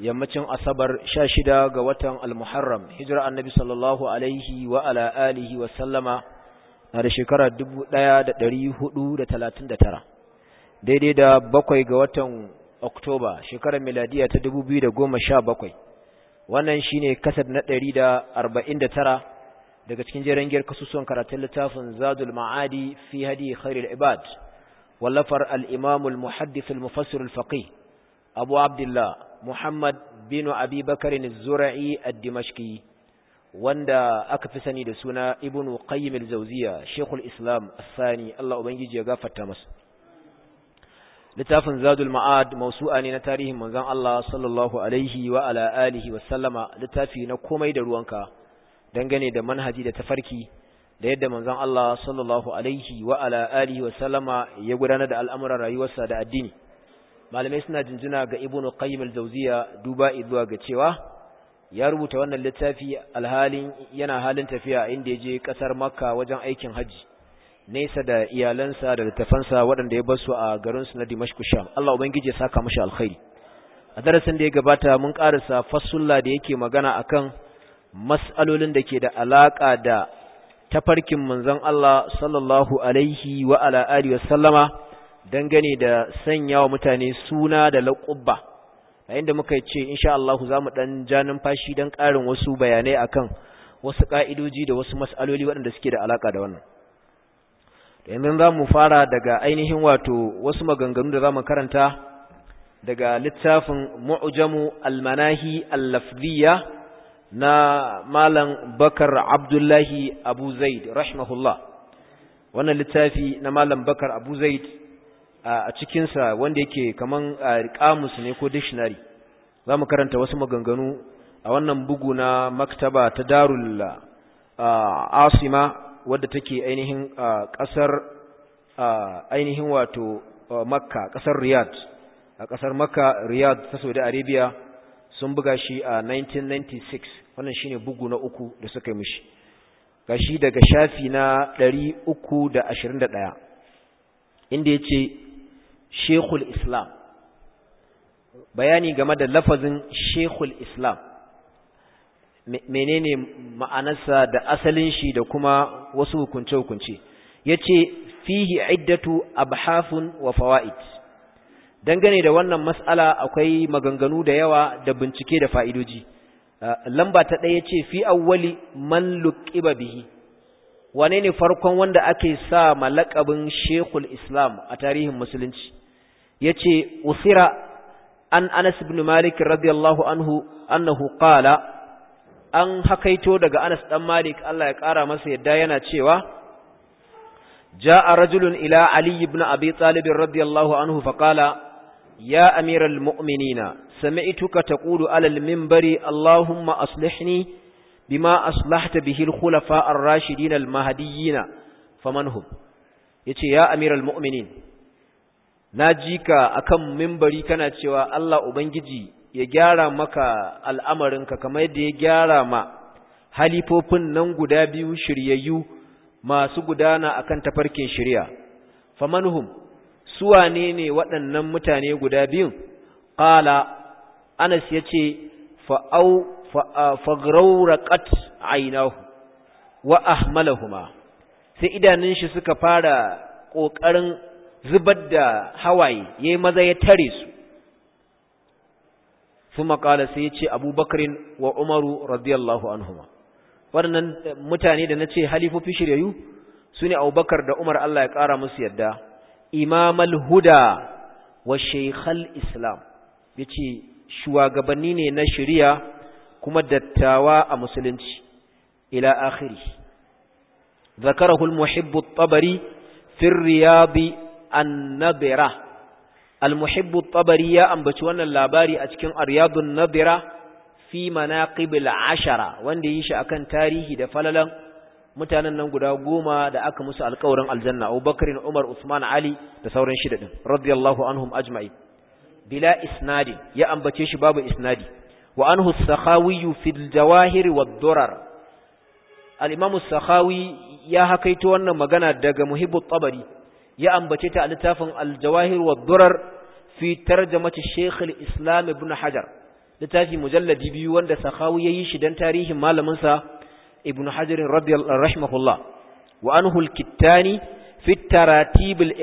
yammacin asabar sha shida ga watan Almuharram hijira annabi sallallahu alaihi wa ala alihi wa sallama na da shekara dubu ɗaya da ɗari hudu da talatin da tara daidai da bakwai ga watan oktoba shekarar miladiya ta dubu biyu da goma sha bakwai wannan shine kasar na ɗari da arba'in da tara daga cikin jerin giyar kasusuwan karatun littafin zadul ma'adi fi hadi khairul ibad wallafar al-imamul muhaddith al-mufassir al-faqih abu abdullah Muhammad bin Abi Bakar az-Zura'i dimashqi wanda aka fi sani da suna Ibn Qayyim al-Jawziyya Sheikhul Islam As-Sani Allah ubangiji ya gafarta masa Littafin Zadul Ma'ad mausu'a ne na tarihin manzon Allah sallallahu alaihi wa ala alihi wa sallama littafi na komai da ruwanka dangane da manhaji da tafarki da yadda manzon Allah sallallahu alaihi wa ala alihi wa sallama ya gudanar da al'amuran rayuwarsa da addini malamai suna jinjina ga ibn qayyim al-jawziya duba zuwa ga cewa ya rubuta wannan littafi alhalin yana halin tafiya inda yaje kasar makka wajen aikin haji nesa da iyalansa da littafansa waɗanda ya basu a garin su na dimashq sham Allah ubangije ya saka mishi alkhairi a darasin da ya gabata mun karasa fasulla da yake magana akan mas'alolin da ke da alaka da tafarkin manzon Allah sallallahu alaihi wa ala alihi wa sallama dangane da sanya wa mutane suna da laƙubba yayin da muka ce insha Allah za mu ɗan ja numfashi don ƙarin wasu bayanai akan wasu ƙa'idoji da wasu mas'aloli waɗanda suke da alaƙa da wannan yanzu za mu fara daga ainihin wato wasu maganganu da za mu karanta daga littafin mu'jamu almanahi allafziya na malam bakar abdullahi abu zaid rahimahullah wannan littafi na malam bakar abu zaid a cikinsa wanda yake kaman kamus ne ko dictionary za mu karanta wasu maganganu a wannan bugu na maktaba ta darul asima wadda take ainihin kasar ainihin wato makka ƙasar riyadh a kasar makka riyadh ta saudi arabia sun buga shi a 1996 wannan shine bugu na uku da suka yi mishi gashi daga shafi na 321 inda yace shekul islam bayani game da lafazin shekul islam menene ma'anarsa da asalin shi da kuma wasu hukunce-hukunce ya ce fihi iddatu abhafun wa fawa'id dangane da wannan mas'ala akwai maganganu da yawa da bincike da fa'idoji uh, lamba ta ɗaya ce fi awwali man luqiba bihi wane ne farkon wanda ake sa malakabin shekul islam a tarihin musulunci yace usira an Anas ibn Malik radiyallahu anhu annahu qala an hakaito daga Anas dan Malik Allah ya kara masa yadda yana cewa jaa rajulun ila Ali ibn Abi Talib radiyallahu anhu faqala ya amiral mu'minina sami'tuka taqulu ala al-minbari Allahumma aslihni bima aslahta bihi al-khulafa ar-rashidin al-mahdiyyin faman hum yace ya amiral mu'minin na ji ka akan mimbari kana cewa Allah ubangiji ya gyara maka al'amarinka kamar yadda ya gyara ma halifofin nan guda biyu shiryayyu masu gudana akan tafarkin shirya famanuhum suwa ne waɗannan mutane guda biyun ƙala anas ya ce ƙat ainihu wa ahmalahuma sai idanun shi suka fara ƙoƙarin zubar da hawaye yi maza ya tare su kuma kala sai ya ce abubakarin wa umaru radiyallahu anhuma waɗannan mutane da na ce halifofi shiryayyu su ne abubakar da umar Allah ya ƙara musu yadda imamal huda wa sheikhal islam ya ce shugabanni ne na shirya kuma dattawa a musulunci ila akhiri ذكره المحب الطبري في الرياض an-nadira al tabari ya ambaci wannan labari a cikin aryadun nadira fi manaqib ashara wanda yi shi akan tarihi da falalan mutanen nan guda goma da aka musu alƙawarin aljanna Abubakar Umar Usman Ali da sauran shida din radiyallahu anhum ajma'i bila isnadi ya ambace shi babu isnadi wa anhu as-sakhawi fi al-jawahir al-imam as-sakhawi ya hakaito wannan magana daga muhibbu tabari ya ambace ta a littafin aljawahir wa durar fi tarjamati shaykh islam ibn hajar littafi mujalladi biyu wanda sahawi yayi shi dan tarihin malaminsa sa ibn hajarin radiyallahu rahimahullah wa anhu al fi taratib al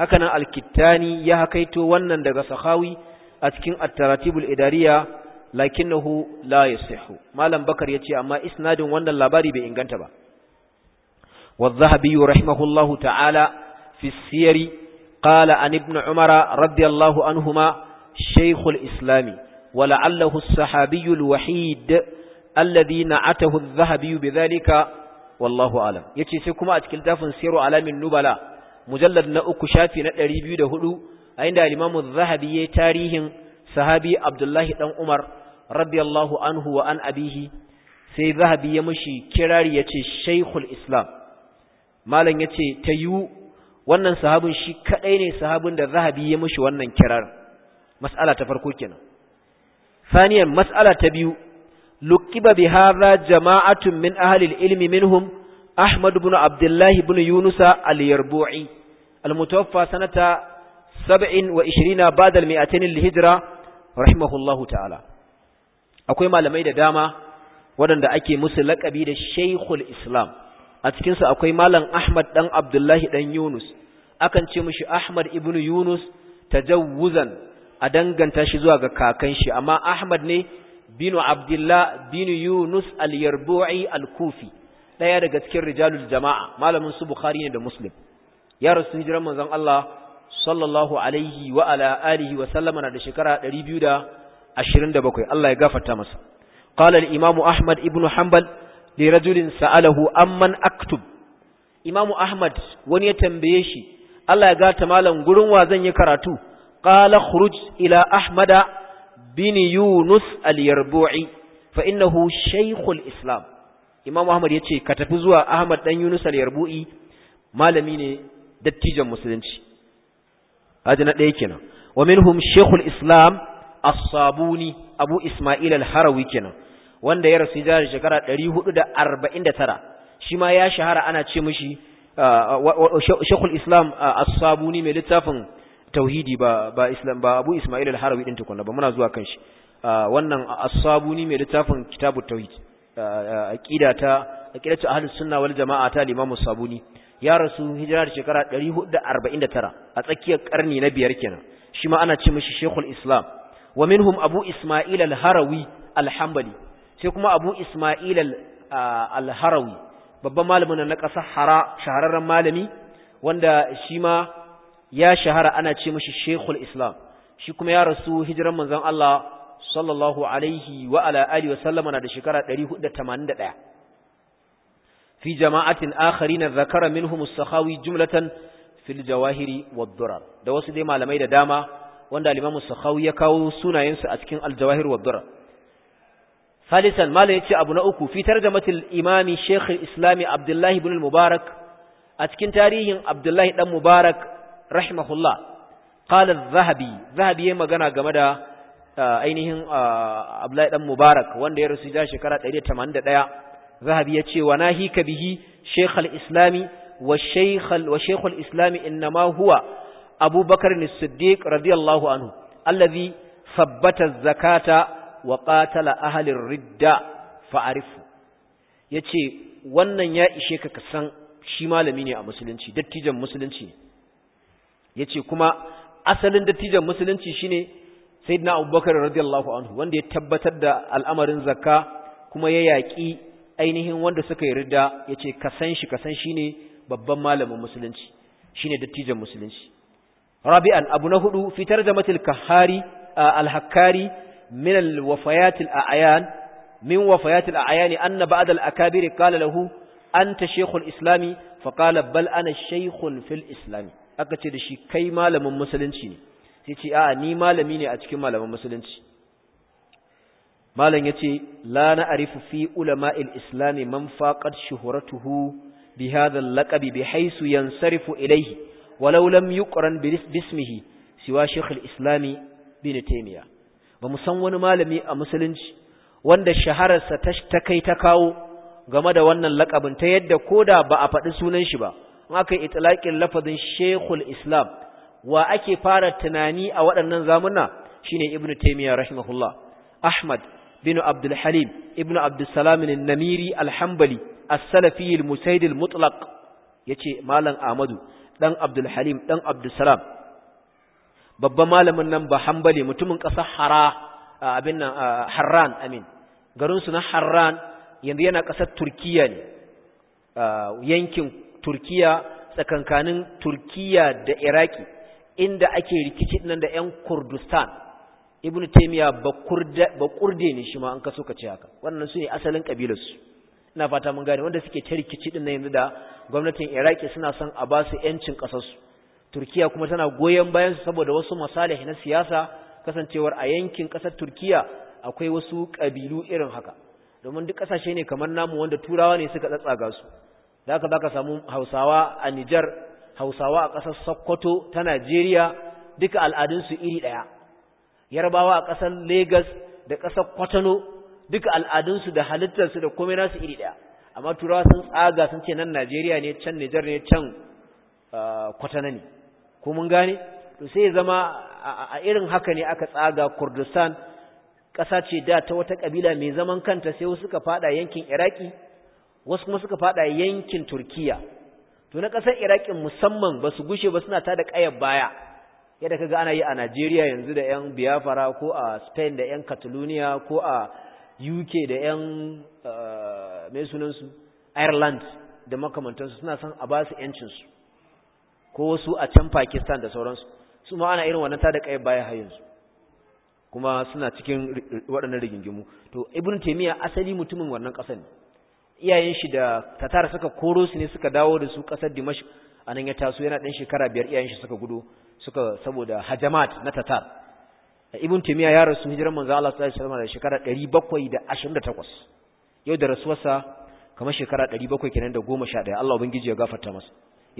hakanan alkitani ya hakaito wannan daga sahawi a cikin at-taratib al-idariyya ya sahu malam bakar ce amma isnadin wannan labari bai inganta ba والذهبي رحمه الله تعالى في السير قال عن ابن عمر رضي الله عنهما شيخ الإسلام ولعله الصحابي الوحيد الذي نعته الذهبي بذلك والله أعلم يكي سيكما أتكلتا فنسير علام النبلاء مجلد نأك شافي نتري بيده هلو عند الإمام الذهبي تاريه صحابي عبد الله بن عمر رضي الله عنه وعن أبيه sai zahabi ya mashi kirari ya ce shaikul islam malam ce ta yu wannan sahabin shi kadai ne sahabin da zahabi ya mushi wannan kirar mas'ala ta farko kenan thaniyan mas'ala ta biyu luqiba bi hadha jama'atun min ahli ilmi minhum ahmad ibn abdullah ibn yunus al-yarbu'i al-mutawaffa sanata 27 ba'da al-mi'atayn al-hijra rahimahullahu ta'ala akwai malamai da dama waɗanda ake musu laƙabi da Sheikhul Islam a cikinsu akwai malam Ahmad ɗan Abdullahi ɗan Yunus, akan ce mashi Ahmad ibn Yunus tajawuzan a danganta shi zuwa ga kakan shi, amma Ahmad ne binu Abdullah binu Yunus al-Yarbu'i al-Kufi, ɗaya daga cikin rijalul jama'a, malamin su Bukhari ne da Muslim. Ya rasu jiran manzon Allah sallallahu alaihi wa ala alihi wa sallama na da shekara bakwai Allah ya gafarta masa. قال Imamu Ahmad ibnu Hanbal. li rajulin sa'alahu amman aktub imamu ahmad wani ya tambaye shi Allah ya gata malam gurin wa zan yi karatu kala khruj ila ahmada bini yunus al-yarbu'i fa innahu shaykhul islam imamu ahmad ya ce ka tafi zuwa ahmad dan yunus al-yarbu'i malami ne dattijan musulunci haji na ɗaya kenan wa minhum shaykhul islam as-sabuni abu isma'il harawi kenan wanda ya rasu da shekara hudu da arba'in 449 shi ma ya shahara ana ce mishi uh, Sheikhul Islam uh, As-Sabuni mai littafin tauhidi ba Islam ba Abu Ismail Al-Harawi din tukunna ba muna zuwa kan shi uh, wannan As-Sabuni mai littafin kitabu Tauhid aqida ta aqidatu Ahlus Sunna wal Jama'a ta limamu sabuni ya rasu hijira da shekara 449 a tsakiyar karni na biyar kenan shi ma ana ce mishi Sheikhul Islam wa minhum Abu Ismail Al-Harawi Al-Hanbali sai kuma abu ismail al-harawi babban malamin na ƙasar hara shahararren malami wanda shi ma ya shahara ana ce mashi shekul islam shi kuma ya rasu hijiran manzan Allah sallallahu alaihi wa ala wa sallama na da shekara 481 fi jama'atin na zakara minhum as jumlatan fil jawahiri durar da wasu dai malamai da dama wanda al-imam ya kawo sunayensu a cikin al-jawahir durar salisan mala ce abu na uku fitar da matil imami shekhul islami abdullahi ibn mubarak a cikin tarihin abdullahi dan mubarak rahimahullah qala zahabi zahabi ya magana game da ainihin abdullahi dan mubarak wanda ya rasu da shekara 181 zahabi yace wa nahi ka bihi shekhul islami wa shaykhul wa shaykhul islami inma huwa abubakar as-siddiq radiyallahu anhu alladhi thabbata zakata wa qatala ahli ridda fa'arifu yace wannan ya ishe ka kasan shi malami ne a musulunci dattijan musulunci yace kuma asalin dattijan musulunci shine sayyidina abubakar radiyallahu anhu wanda ya tabbatar da al'amarin zakka kuma ya yaki ainihin wanda suka yi ridda yace kasan kasan shi kasan shi ne babban malamin musulunci shine dattijan musulunci rabi'an abu na hudu fitar da kahari al-hakkari من الوفيات الأعيان من وفيات الأعيان أن بعد الأكابر قال له أنت شيخ الإسلام فقال بل أنا شيخ في الإسلام أكتر شي كي مالم مسلنشي سيتي آه ني مالميني أتكي مالم مسلنشي مالن يتي لا نعرف في علماء الإسلام من فاقد شهرته بهذا اللقب بحيث ينصرف إليه ولو لم يقرن باسمه سوى شيخ الإسلام بن تيمية ba mu san wani malami a musulunci wanda shahararsa ta kai ta kawo game da wannan lakabin ta yadda koda ba a faɗi sunan shi ba in aka yi itilaƙin lafazin shekul Islam wa ake fara tunani a waɗannan zamuna shine Ibn Taymiyyah rahimahullah Ahmad bin Abdul Halim Ibn Abdul Salam namiri Alhambali, hanbali as-Salafi al-Musaid al-Mutlaq yace Malam Ahmadu dan Abdul Halim dan Abdul babban malamin nan ba hambali mutumin ƙasar hara abin nan harran amin garinsu na harran yanzu yana ƙasar turkiya ne yankin turkiya tsakankanin turkiya da iraki inda ake rikici nan da 'yan kurdistan ibn taymiya ba kurde ne shi ma an kaso ce haka wannan su ne asalin kabilarsu ina fata mun gane wanda suke ta rikici din na yanzu da gwamnatin iraki suna son a ba su yancin ƙasarsu. turkiya kuma tana goyon bayan su saboda wasu masalih na siyasa kasancewar a yankin ƙasar turkiya akwai wasu kabilu irin haka domin duk ƙasashe ne kamar namu wanda turawa ne suka tsatsaga su da haka baka samu hausawa a nijar hausawa a kasar sokoto ta najeriya duka al'adunsu iri ɗaya yarbawa a ƙasar Legas da ƙasar kwatano duka al'adunsu da halittarsu da komai nasu iri daya amma turawa sun tsaga sun ce nan najeriya ne can nijar ne can ah, kwatana ne ko mun gane to sai zama a irin haka ne aka tsaga Kurdistan ƙasa ce da ta wata kabila mai zaman kanta sai wasu suka fada yankin Iraki wasu kuma suka fada yankin Turkiya to na ƙasar Iraki musamman ba su gushe ba suna ta da ƙayar baya yadda kaga ana yi a Najeriya yanzu da ƴan Biafra ko a Spain da ƴan Catalonia ko a UK da ƴan eh, mai su Ireland da makamantansu suna son a ba su 'yancinsu ko wasu a can Pakistan da sauransu su ma ana irin wannan ta da kai baya har yanzu kuma suna cikin waɗannan rigingimu to ibn taymiya asali mutumin wannan ƙasar ne iyayen shi da tatar suka koro su ne suka dawo da su ƙasar dimashq anan ya taso yana ɗan shekara biyar iyayen shi suka gudu suka saboda hajamat na tatar ibn taymiya ya rasu hijiran manzo Allah sallallahu alaihi wasallam da shekara 728 yau da rasuwarsa kamar shekara 700 kenan da 11 Allah ubangiji ya gafarta masa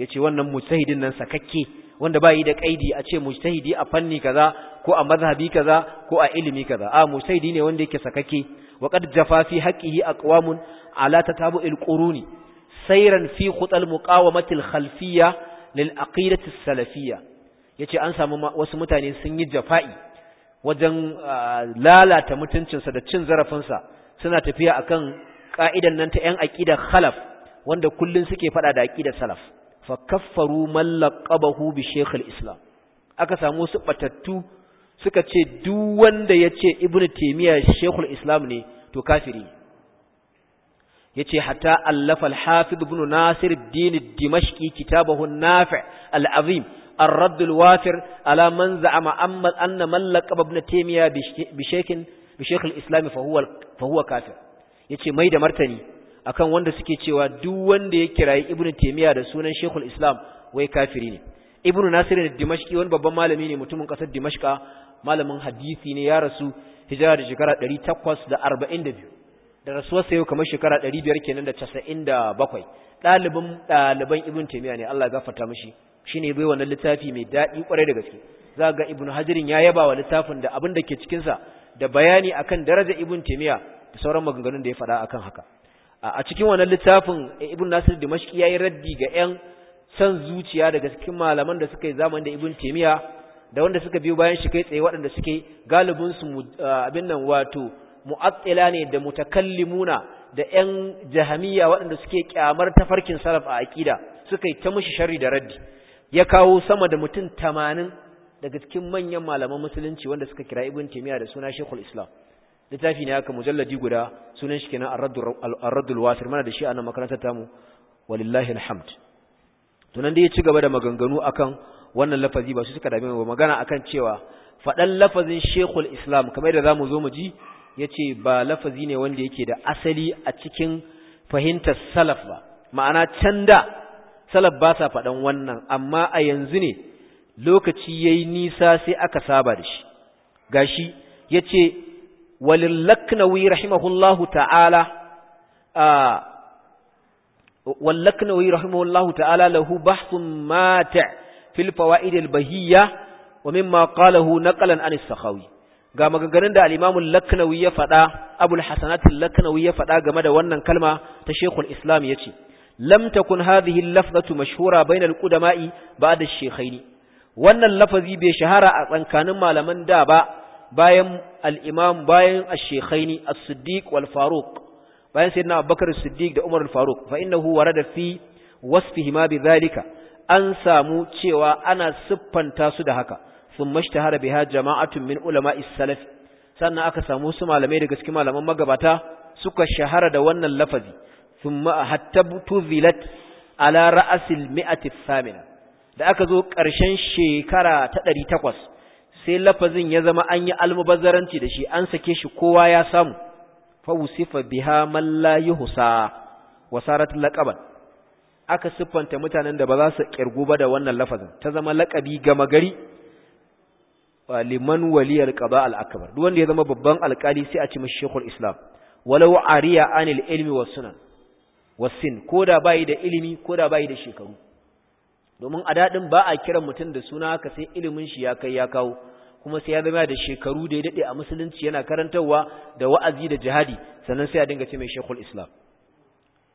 yace wannan mujtahidin nan sakakke wanda ba yi da kaidi a ce mujtahidi a fanni kaza ko a mazhabi kaza ko a ilimi kaza a mujtahidi ne wanda yake sakakke wa qad jafa fi haqqihi aqwamun ala tatabu'il quruni sayran fi khutal muqawamati al-khalfiyya lil aqidati salafiyya yace an samu wasu mutane sun yi jafa'i wajen lalata mutuncinsa da cin zarafinsa suna tafiya akan ka'idan nan ta 'yan aqidar khalaf wanda kullun suke fada da aqidar salaf fa kaffaru man bi shaykh al-islam aka samu su batattu suka ce duk wanda yace ibnu taymiya shaykh al-islam ne to kafiri yace hatta allafa al-hafid ibn nasir ad-din dimashqi kitabahu an-nafi' al-azim الرد الوافر على من زعم أن من لقب ابن تيمية islam بشيخ الإسلام yace mai da martani akan wanda suke cewa duk wanda ya kirayi ibnu taymiya da sunan shekul islam wai kafiri ne ibnu nasir da dimashqi wani babban malami ne mutumin kasar dimashqa malamin hadisi ne ya rasu hijira da shekara 842 da rasuwar sa yau kamar shekara 500 kenan da 97 dalibin daliban ibnu taymiya ne Allah ya gafarta mishi shine bai wannan littafi mai dadi kwarai da gaske za ga ibnu hajirin ya yaba wa littafin da abin da ke cikin sa da bayani akan daraja ibnu taymiya da sauran maganganun da ya faɗa akan haka a cikin wannan littafin eh, ibn nasir dimashqi yayi raddi ga yan san zuciya daga cikin malaman da suka yi zamanin da ibn Taymiyyah da wanda suka biyo bayan shi kai tsaye waɗanda suke galibin su abin nan wato mu'attila ne da mutakallimuna da yan jahamiya waɗanda suke kyamar tafarkin salaf a aqida suka yi ta mushi sharri da raddi ya kawo sama da mutum 80 daga cikin manyan malaman musulunci wanda suka kira ibn Taymiyyah da suna Sheikhul islam littafi ne aka mujalladi guda sunan shi kenan ar-raddul wasir mana da shi a nan makarantar tamu walillahi alhamd to nan dai ya ci gaba da maganganu akan wannan lafazi ba su suka dame ba magana akan cewa fadan lafazin shekul islam kamar da zamu zo mu ji yace ba lafazi ne wanda yake da asali a cikin fahimtar salaf ba ma'ana can da salaf ba sa fadan wannan amma a yanzu ne lokaci yayi nisa sai aka saba da shi gashi yace walillaknawi rahimahullahu ta'ala wallaknawi rahimahullahu ta'ala lahu bahthun mati' fil fawaid al bahiyya wa mimma qalahu naqlan an as-sakhawi ga maganganun da al-imam al-laknawi ya fada abul hasanat al-laknawi ya fada game da wannan kalma ta shaykhul islam yace lam takun hadhihi al-lafzatu mashhura bayna al-qudama'i ba'da ash-shaykhaini wannan lafazi bai shahara a tsankanin malaman da ba bayan al'imam, bayan ash-shaykhaini as-siddiq wal faruk bayan sayyidina abubakar as-siddiq da umar al faruk fa innahu warada fi wasfihima bidhalika an samu cewa ana siffanta su da haka thumma ishtahara biha jama'atun min ulama'is salaf sannan aka samu su malamai daga cikin malaman magabata suka shahara da wannan lafazi thumma hatta tuzilat ala ra'sil mi'ati thamina da aka zo ƙarshen shekara ta 800 sai lafazin ya zama an yi almubazzaranci da shi an sake shi kowa ya samu fa biha man la yuhsa sarat laqaban aka siffanta mutanen da ba za su kirgu ba da wannan lafazin ta zama laqabi gama gari liman waliyar qada al akbar duk wanda ya zama babban alkali sai a ci mishi islam walau ariya anil ilmi was sunan was sin koda bai da ilimi koda bai da shekaru domin a dadin ba a kiran mutum da suna haka sai ilimin shi ya kai ya kawo kuma sai ya zama da shekaru da ya daɗe a musulunci yana karantarwa da wa'azi da jihadi sannan sai ya dinga ce mai shekul islam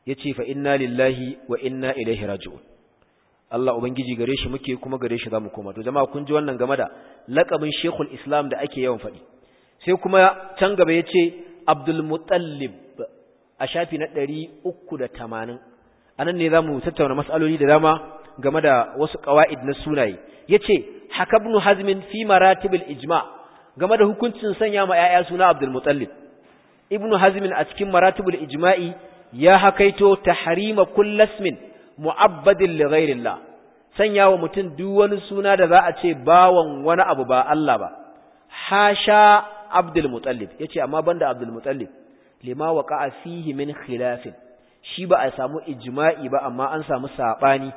yace fa inna lillahi wa inna ilaihi raji'un Allah ubangiji gare shi muke kuma gare shi zamu koma to jama'a kun ji wannan game da laqabin shekul islam da ake yawan faɗi sai kuma can gaba yace abdul muttalib a shafi na 380 anan ne zamu tattauna mas'aloli da dama game da wasu ƙawa'id na sunaye yace haka ibn Hazmin fi maratibul ijma game da hukuncin sanya ma yaya suna abdul mutallib ibn hazm a cikin maratibul ijma'i ya hakaito tahrima kull ismin mu'abbadin li sanya wa mutum duk wani suna da za a ce bawan wani abu ba Allah ba hasha abdul Ya yace amma banda abdul mutallib lima waqa'a fihi min khilafin shi ba a samu ijma'i ba amma an samu saɓani.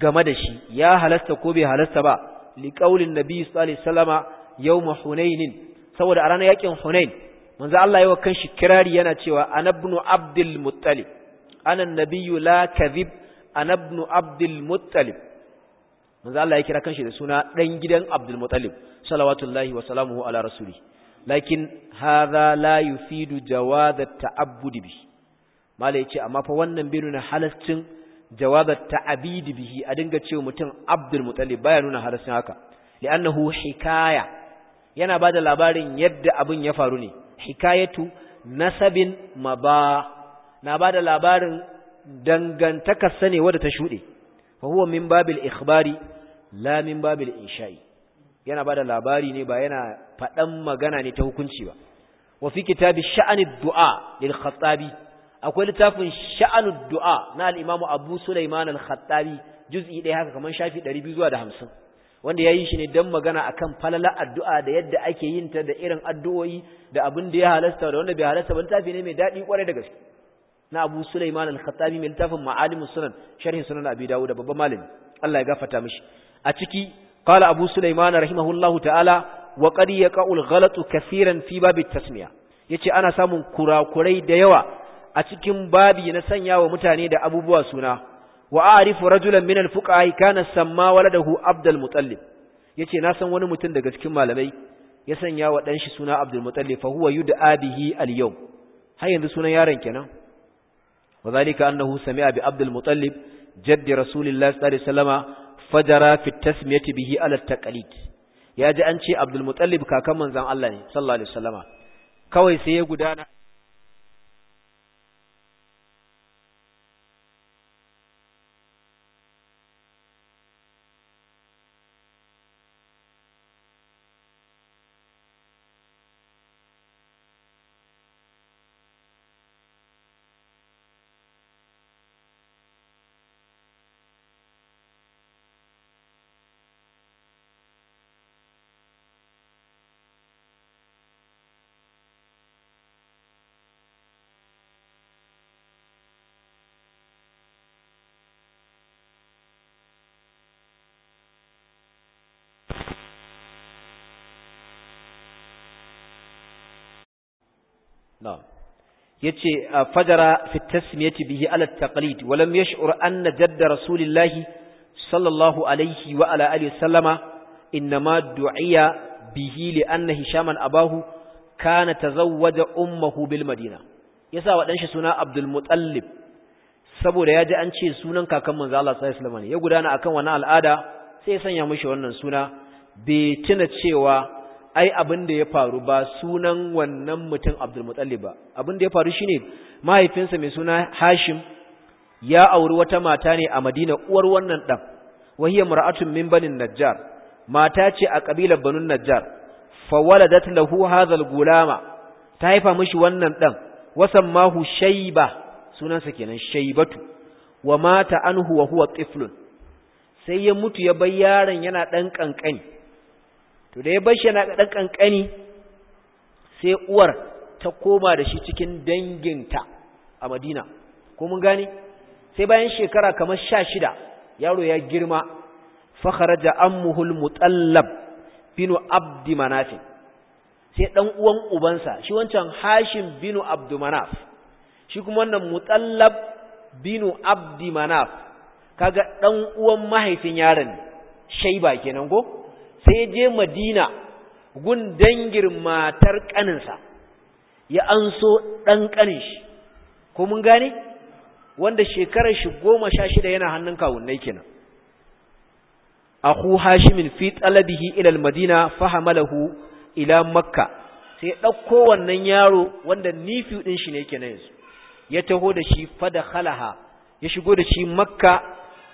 game da shi ya halasta ko bai halasta ba liqaulin nabi sallallahu alaihi wasallama yawm hunain saboda a ranar yakin hunain manzo Allah yayi wa kanshi kirari yana cewa Anabnu ibn abdul muttalib ana nabiyyu la kadhib ana ibn abdul muttalib manzo Allah ya kira kanshi da suna dan gidan abdul muttalib salawatullahi wa salamuhu ala rasuli lakin hadha la yufidu jawaz at-ta'abbud bi mallai yace amma fa wannan bai nuna halascin jawabat ta'abid bihi a dinga cewa mutum Abdul Muttalib baya nuna halasin haka li'annahu hikaya yana bada labarin yadda abin ya faru ne hikayatu nasabin maba na bada labarin dangantakar sane wadda ta shude fa huwa min babil ikhbari la min babil insha'i yana bada labari ne ba yana fadan magana ne ta hukunci ba wa fi kitabi sha'anid du'a lil khattabi akwai littafin sha'anu du'a na al-imamu abu sulaiman al-khattabi juz'i ɗaya haka kamar shafi 200 zuwa da 50 wanda ya yi shi ne don magana akan falala addu'a da yadda ake yin ta da irin addu'o'i da abin da ya halasta da wanda bai halasta ba littafi ne mai daɗi kwarai da gaske na abu sulaiman al-khattabi mai littafin ma'alimus sunan sharhin sunan abi dawud da babban malami Allah ya gafarta mishi a ciki qala abu sulaiman rahimahullahu ta'ala wa qad yaqa'u al-ghalatu kaseeran fi bab tasmiya yace ana samun kurakurai da yawa a cikin babi na sanya wa mutane da abubuwa suna wa arifu rajulan min alfuqahi kana samma waladahu abdul mutallib yace na san wani mutum daga cikin malamai ya sanya wa dan shi suna abdul mutallib fa huwa yud'a bihi alyawm har yanzu sunan yaron kenan wa zalika annahu sami'a bi abdul mutallib jaddi rasulillahi sallallahu alaihi wasallama fajara fi tasmiyati bihi ala ya ji an ce abdul mutallib kakan manzon Allah ne sallallahu alaihi wasallama kawai sai ya gudana yace fajara fi tasmiyati bihi ala taqlid wa lam yash'ur anna jadda rasulillah sallallahu alaihi wa ala alihi sallama inma du'iya bihi li anna hishaman abahu kana tazawwaja ummuhu bil madina yasa wa ɗanshi suna abdul mutallib saboda ya ji an ce sunan kakan manzo Allah sallallahu alaihi wasallam ne ya gudana akan wannan al'ada sai ya sanya mishi wannan suna bai tuna cewa ai abin da ya faru ba sunan wannan mutum Abdulmutallib ba abin da ya faru shine mahaifinsa mai suna Hashim ya auri wata mata ne a Madina uwar wannan dan wahiya mar'atun min banin Najjar mata ce a kabilar Banu Najjar waladat lahu hadhal gulama ta haifa mishi wannan dan Wasan mahu Shayba sunansa kenan Shaybatu wa mata anhu wa huwa tiflun sai ya mutu ya bar yaron yana dan kankani to da ya bar shi yana ɗan ƙanƙani sai uwar ta koma da shi cikin danginta a madina ko mun gane sai bayan shekara kamar sha shida yaro ya girma da ammuhul mutallab binu abdi manaf sai dan uwan ubansa shi wancan hashim binu abdu manaf shi kuma wannan mutallab binu abdi manaf kaga dan uwan mahaifin yaron shaiba kenan go sai je madina gun dangin matar ƙaninsa ya anso ɗan ƙanin shi ko mun gane wanda shekarar shi goma sha shida yana hannun kawunnai kenan aku hashimin fi talabihi ilal madina fahamalahu ila makka sai ɗauko wannan yaro wanda nifi ɗin shi ne kenan yanzu ya taho da shi fada khalaha ya shigo da shi makka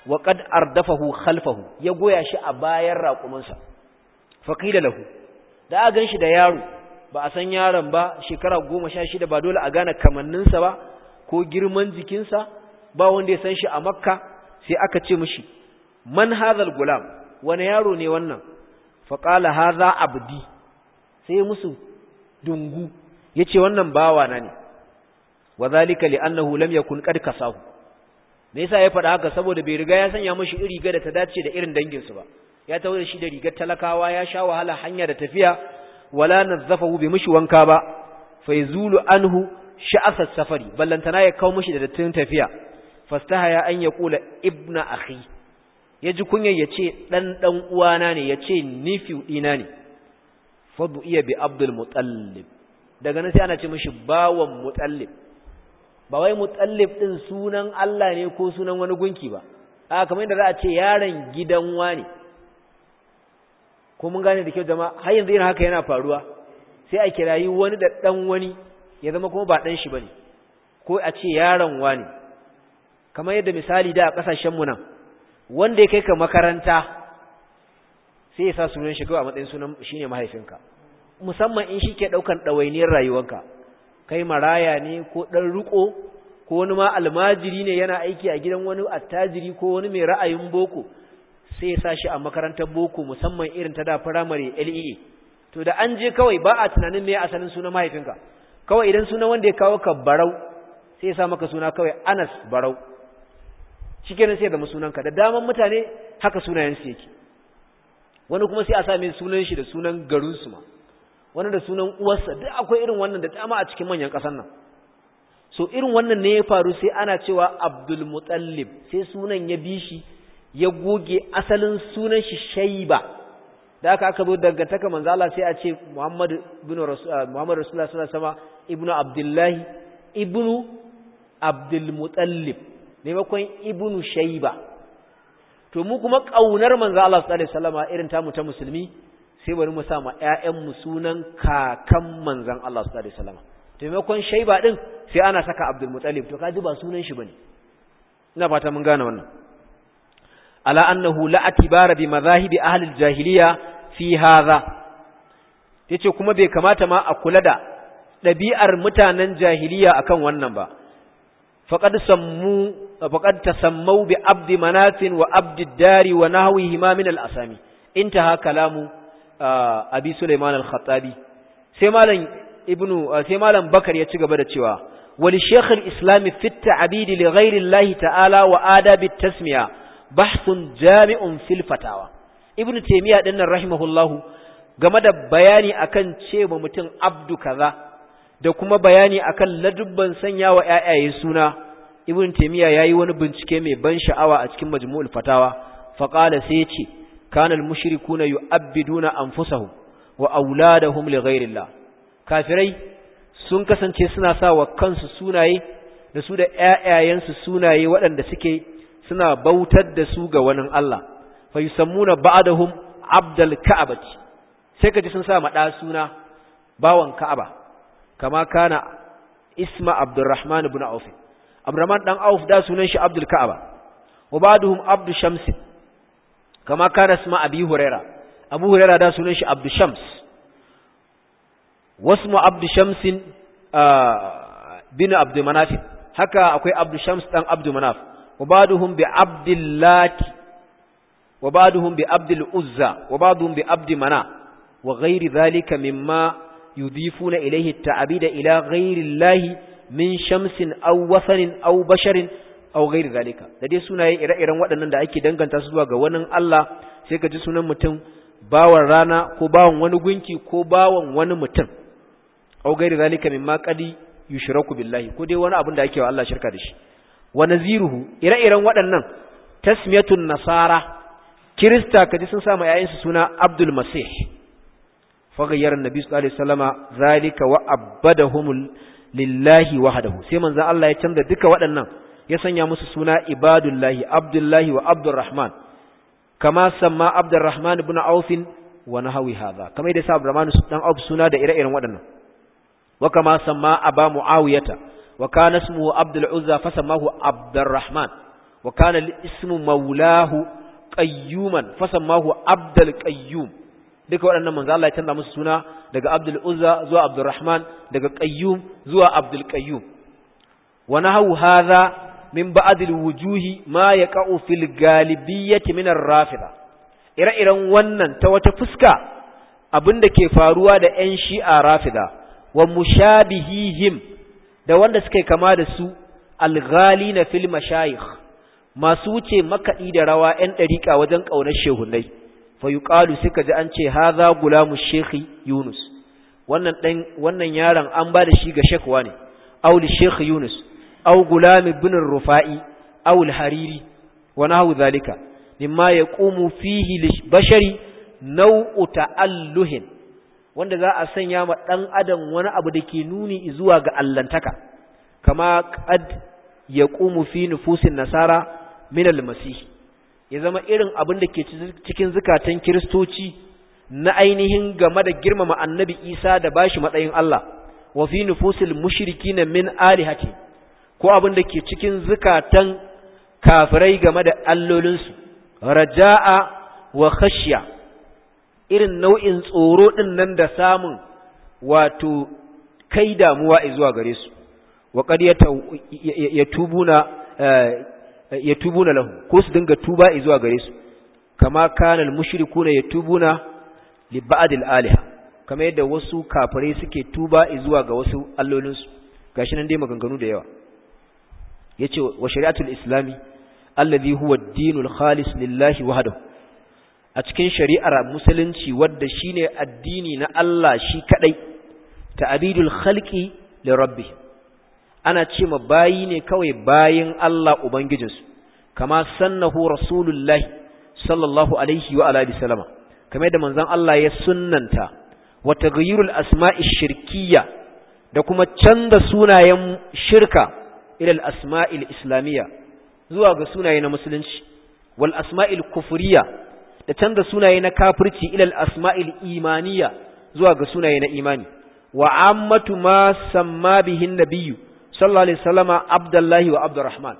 wa qad ardafahu khalfahu ya goya shi a bayan raƙumansa. faƙila lahu da a gan shi da yaro ba a san yaron ba shekara goma sha shida ba dole a gane kamanninsa ba ko girman jikinsa ba wanda ya san shi a makka sai aka ce mishi man hazal gulam wani yaro ne wannan faƙala haza abdi sai musu dungu ya ce wannan bawa na ne wa zalika li annahu lam yakun qad kasahu me yasa ya faɗa haka saboda bai riga ya sanya mishi iri ga da ta dace da irin danginsu ba ya tawo shi da rigar talakawa ya sha wahala hanya da tafiya wala nazzafahu bi mushi wanka ba fa yazulu anhu sha'asat safari ballantana ya kawo mishi da dattin tafiya fastahaya an ya kula ibna akhi Ya yaji kunyar ce dan dan uwana ne ya yace nifiu dina ne fadu iya bi abdul mutallib daga nan sai ana ce mishi bawan mutallib ba wai mutallib ɗin sunan Allah ne ko sunan wani gunki ba a kamar yadda za a ce yaron gidan wani ko mun gane da kyau jama har yanzu yana haka yana faruwa sai a kirayi wani da dan wani ya zama kuma ba dan shi bane ko a ce yaron wani kamar yadda misali da a kasashen mu nan wanda ya kai ka makaranta sai ya sa sunan shi kawai a matsayin sunan shine mahaifinka musamman in shi ke daukan dawainiyar rayuwanka kai maraya ne ko dan ruko ko wani ma almajiri ne yana aiki a gidan wani attajiri ko wani mai ra'ayin boko sai ya sa shi a makarantar boko musamman irin ta da firamare LEA to da an je kawai ba a tunanin mai asalin sunan mahaifinka kawai idan sunan wanda ya kawo ka barau sai ya sa maka suna kawai Anas barau Cikin sai ya zama sunanka da daman mutane haka sunayensu yake wani kuma sai a sa mai sunan shi da sunan garinsu ma wani da sunan uwarsa duk akwai irin wannan da dama a cikin manyan ƙasar nan so irin wannan ne ya faru sai ana cewa Abdul sai sunan ya bi shi ya goge asalin sunan shi shaiba da aka aka zo dangantaka manzo Allah sai a ce muhammadu ibn ah, Muhammadu Rasulullah sallallahu alaihi wasallam ibnu Abdullahi ibnu Abdul Muttalib maimakon ibnu Shaiba to mu kuma kaunar manzo Allah sallallahu alaihi wasallam irin tamu ta musulmi sai bari mu sa ma ƴaƴan mu sunan kakan manzan Allah sallallahu alaihi wasallam to maimakon Shaiba din sai ana saka Abdul Muttalib to ji ba sunan shi bane ina fata mun gane wannan ala annahu la bi mazahibi ahli jahiliya fi hadha yace kuma bai kamata ma a kula da ɗabi'ar mutanen jahiliya akan wannan ba faqad sammu faqad bi abdi manatin wa abdi dari wa nahwihi ma min al-asami intaha kalamu abi sulaiman al-khattabi sai malam ibnu sai malam bakar ya ci gaba da cewa wal shaykh al-islam fi tabid li ghayri allah ta'ala wa adab at-tasmiya Bahsun jami'un fil fatawa ibnu taymiya din nan rahimahullahu game da bayani akan cewa mutum abdu kaza da kuma bayani akan ladubban sanyawa ƴaƴaye suna ibnu taymiya yayi wani bincike mai ban sha'awa a cikin majmu'ul fatawa fa qala sai yace kana al mushrikuna yu'abbiduna anfusahum wa auladahum li ghairillah kafirai sun kasance suna sa wa kansu sunaye da su da ƴaƴayensu sunaye waɗanda suke suna bautar da su ga wani Allah fa yusammuna ba'dahum abdal ka'abati sai kaji sun sa mada suna bawan ka'aba kama kana isma abdurrahman ibn auf abdurrahman dan auf da sunan shi abdul ka'aba wa ba'dahum abdu shams kama kana isma abi huraira abu huraira da sunan shi abdu shams wasmu abdu shams ah, bin abdu manaf haka akwai abdu shams dan abdu manaf وبعضهم بعبد اللات وبعضهم بعبد العزى وبعضهم بعبد مناع وغير ذلك مما يضيفون إليه التعبيد إلى غير الله min shamsin aw wasanin aw basharin aw ghairi zalika da dai sunaye ire-iren waɗannan da ake danganta su zuwa ga wani Allah sai ka ji sunan mutum bawan rana ko bawan wani gunki ko bawan wani mutum aw ghairi zalika mimma qadi yushraku billahi ko dai wani abin da ake wa Allah shirka da shi wa naziruhu ire-iren waɗannan tasmiyatun nasara kirista kaji sun samu ‘ya'yansu suna abdul masih fagayyar nabi sallallahu alaihi wasallama zalika wa abadahum lillahi wahdahu sai manzon Allah ya canza duka waɗannan ya sanya musu suna ibadullahi abdullahi wa abdurrahman kama samma abdurrahman ibn auf wa nahawi hadha kamar da sa abdurrahman dan auf suna da ire-iren waɗannan wa kama samma aba muawiyata wa kana ismuhu Abdul Uzza fasamahu Abdurrahman wa ismu maulahu qayyuman fasamahu Abdul Qayyum duka waɗannan manzo Allah ya canza musu suna daga Abdul Uzza zuwa Abdurrahman daga Qayyum zuwa Abdul Qayyum wa nahawu hadha min ba'd al-wujuhi ma yaqa'u fil galibiyyati min ar-rafida ire-iren wannan ta wata fuska abinda ke faruwa da ƴan shi'a rafida wa mushabihihim da wanda suka kama da su alghali na fil mashayikh masu wuce makaɗi da rawa 'yan dariƙa wajen ƙaunar shehunai fa yuqalu suka ji an ce haza gulamu shekhi yunus wannan dan wannan yaron an ba da shi ga shekwa ne aw li shekh yunus aw gulam ibn rufai aw al hariri wa nahu zalika mimma yaqumu fihi li bashari naw'u ta'alluhin wanda za a sanya ma ɗan adam wani abu da ke nuni zuwa ga allantaka kama ya ƙumu fi nufusin nasara min masihi ya zama irin abin da ke cikin zukatan kiristoci na ainihin game da girmama annabi Isa da bashi matsayin Allah wa fi mushiriki na min alihati ko abin da ke cikin zukatan kafirai game da allolinsu raja'a wa khashya irin nau'in tsoro ɗin nan da samun wato kai damuwa zuwa gare su wa ya yatubuna eh, yatubuna lahu ko su dinga tuba zuwa gare su kama kana al-mushrikuna yatubuna li ba'd al-aliha kamar yadda wasu kafirai suke tuba zuwa ga wasu allolinsu gashi nan dai maganganu da yawa yace wa shari'atul islami alladhi huwa ad-dinul khalis lillahi wahdahu a cikin shari'ar musulunci wadda shine addini na Allah shi kaɗai ta'bidul khalqi li rabbi ana ce ma bayi ne kawai bayin Allah ubangijinsu kama sannahu rasulullahi sallallahu alaihi wa alihi sallama kamar da manzon Allah ya sunnanta wa taghyirul asma'i shirkiyya da kuma canza sunayen shirka ila al-asma'il islamiyya zuwa ga sunaye na musulunci wal asma'il kufuriyya da canza sunaye na kafirci ilal asma'il imaniya zuwa ga sunaye na imani wa ammatu ma samma bihin nabiyyu sallallahu alaihi wasallama abdullahi wa abdurrahman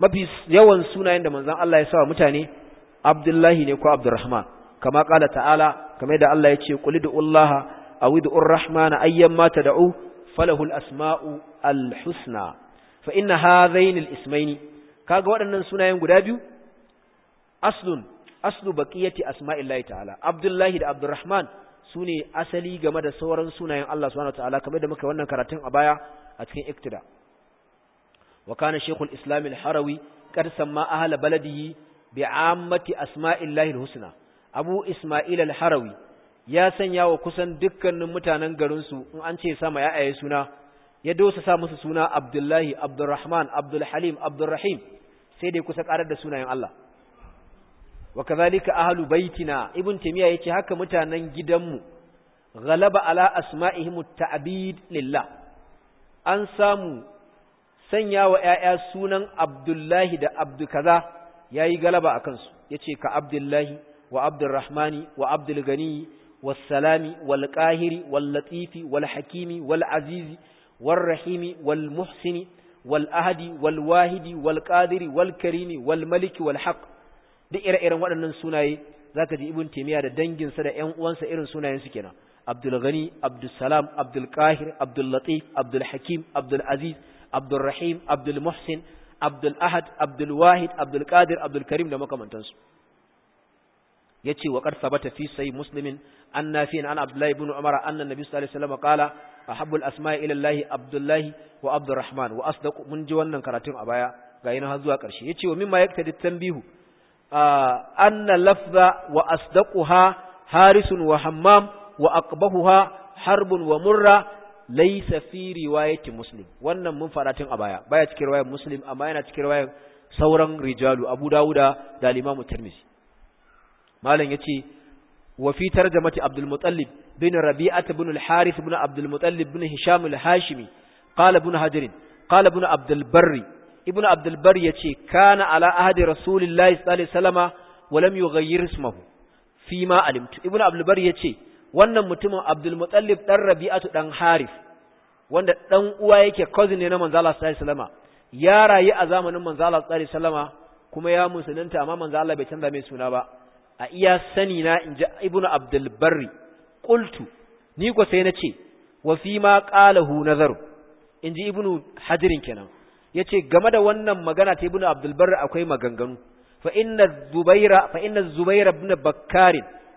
mafi yawan sunayen da manzon Allah ya sa mutane abdullahi ne ko abdurrahman kama kala ta'ala kama da Allah ya ce qul du'ullaha aw du'ur-rahman ayyamma tad'u falahu al-asma'u al-husna fa inna hadhayn al Ka kaga waɗannan sunayen guda biyu aslun aslu baqiyati asma'illahi ta'ala abdullahi da abdurrahman sune asali game da sauran sunayen Allah subhanahu wataala kamar da muka wannan karatun a baya a cikin iktida wa kana shaykhul islam al-harawi qad samma ahla baladihi bi'ammati asma'illahi al-husna abu isma'il al-harawi ya sanya wa kusan dukkanin mutanen garinsu in an ce sama ya aye suna ya dosa sa musu suna abdullahi abdurrahman abdulhalim abdurrahim sai dai kusa karar da sunayen Allah wa kazalika ahlu baitina ibn taymiya yace haka mutanen gidanmu ghalaba ala asma'ihim ta'bid lillah an samu sanya wa ƴaƴa sunan abdullahi da abdu kaza yayi galaba akan su yace ka abdullahi wa abdurrahmani wa abdul gani Muhsini wal ahdi wal Wahidi wal Qadiri wal karimi wal Maliki wal والحق duk ire-iren waɗannan sunaye zaka ji ibin taymiya da danginsa da ƴan uwansa irin sunayen su kenan abdul gani abdul salam abdul kahir abdul latif abdul hakim abdul aziz abdul rahim abdul muhsin abdul ahad abdul wahid abdul qadir abdul karim da makamantansu yace wa qad sabata fi sahih muslimin an nafi an abdullahi ibn umar anna nabi sallallahu alaihi wasallam qala ahabbul asma'i ila allahi abdullahi wa abdurrahman wa asdaqu mun ji wannan karatun a baya ga yana har zuwa karshe yace wa mimma yaktadi tanbihu anna lafda wa asdaquha harisun wa hammam wa aqbahuha harbin wa murra laysa fi riwayati muslim wannan mun fara a baya baya cikin riwayar muslim amma yana cikin riwayar sauran rijalu abu dawuda da al-imamu tirmidhi malam yace wa fi tarjamati abdul muttalib bin Rabi'at, bin al bin abdul muttalib bin hisham al-hashimi qala ibn hajar qala ibn abdul barri ibn abdulbar ya ce kana ala ahadi rasulillahi sallallahu alaihi yughayyir ismahu fi ma alimtu ibn abdulbar ya ce wannan mutumin abdul mutallib dan rabi'atu dan harif wanda dan uwa yake cousin ne na manzo Allah sallallahu alaihi ya rayu a zamanin manzo Allah sallallahu alaihi kuma ya musulunta amma manzo Allah bai canza mai suna ba a iya sani na inji ibn abdul qultu ni ko sai na ce wa fi ma qalahu nazaru inji ibn hadirin kenan Ya ce game da wannan magana ta ibn abdul akwai maganganu fa inna zubaira fa inna zubaira ibn bakkar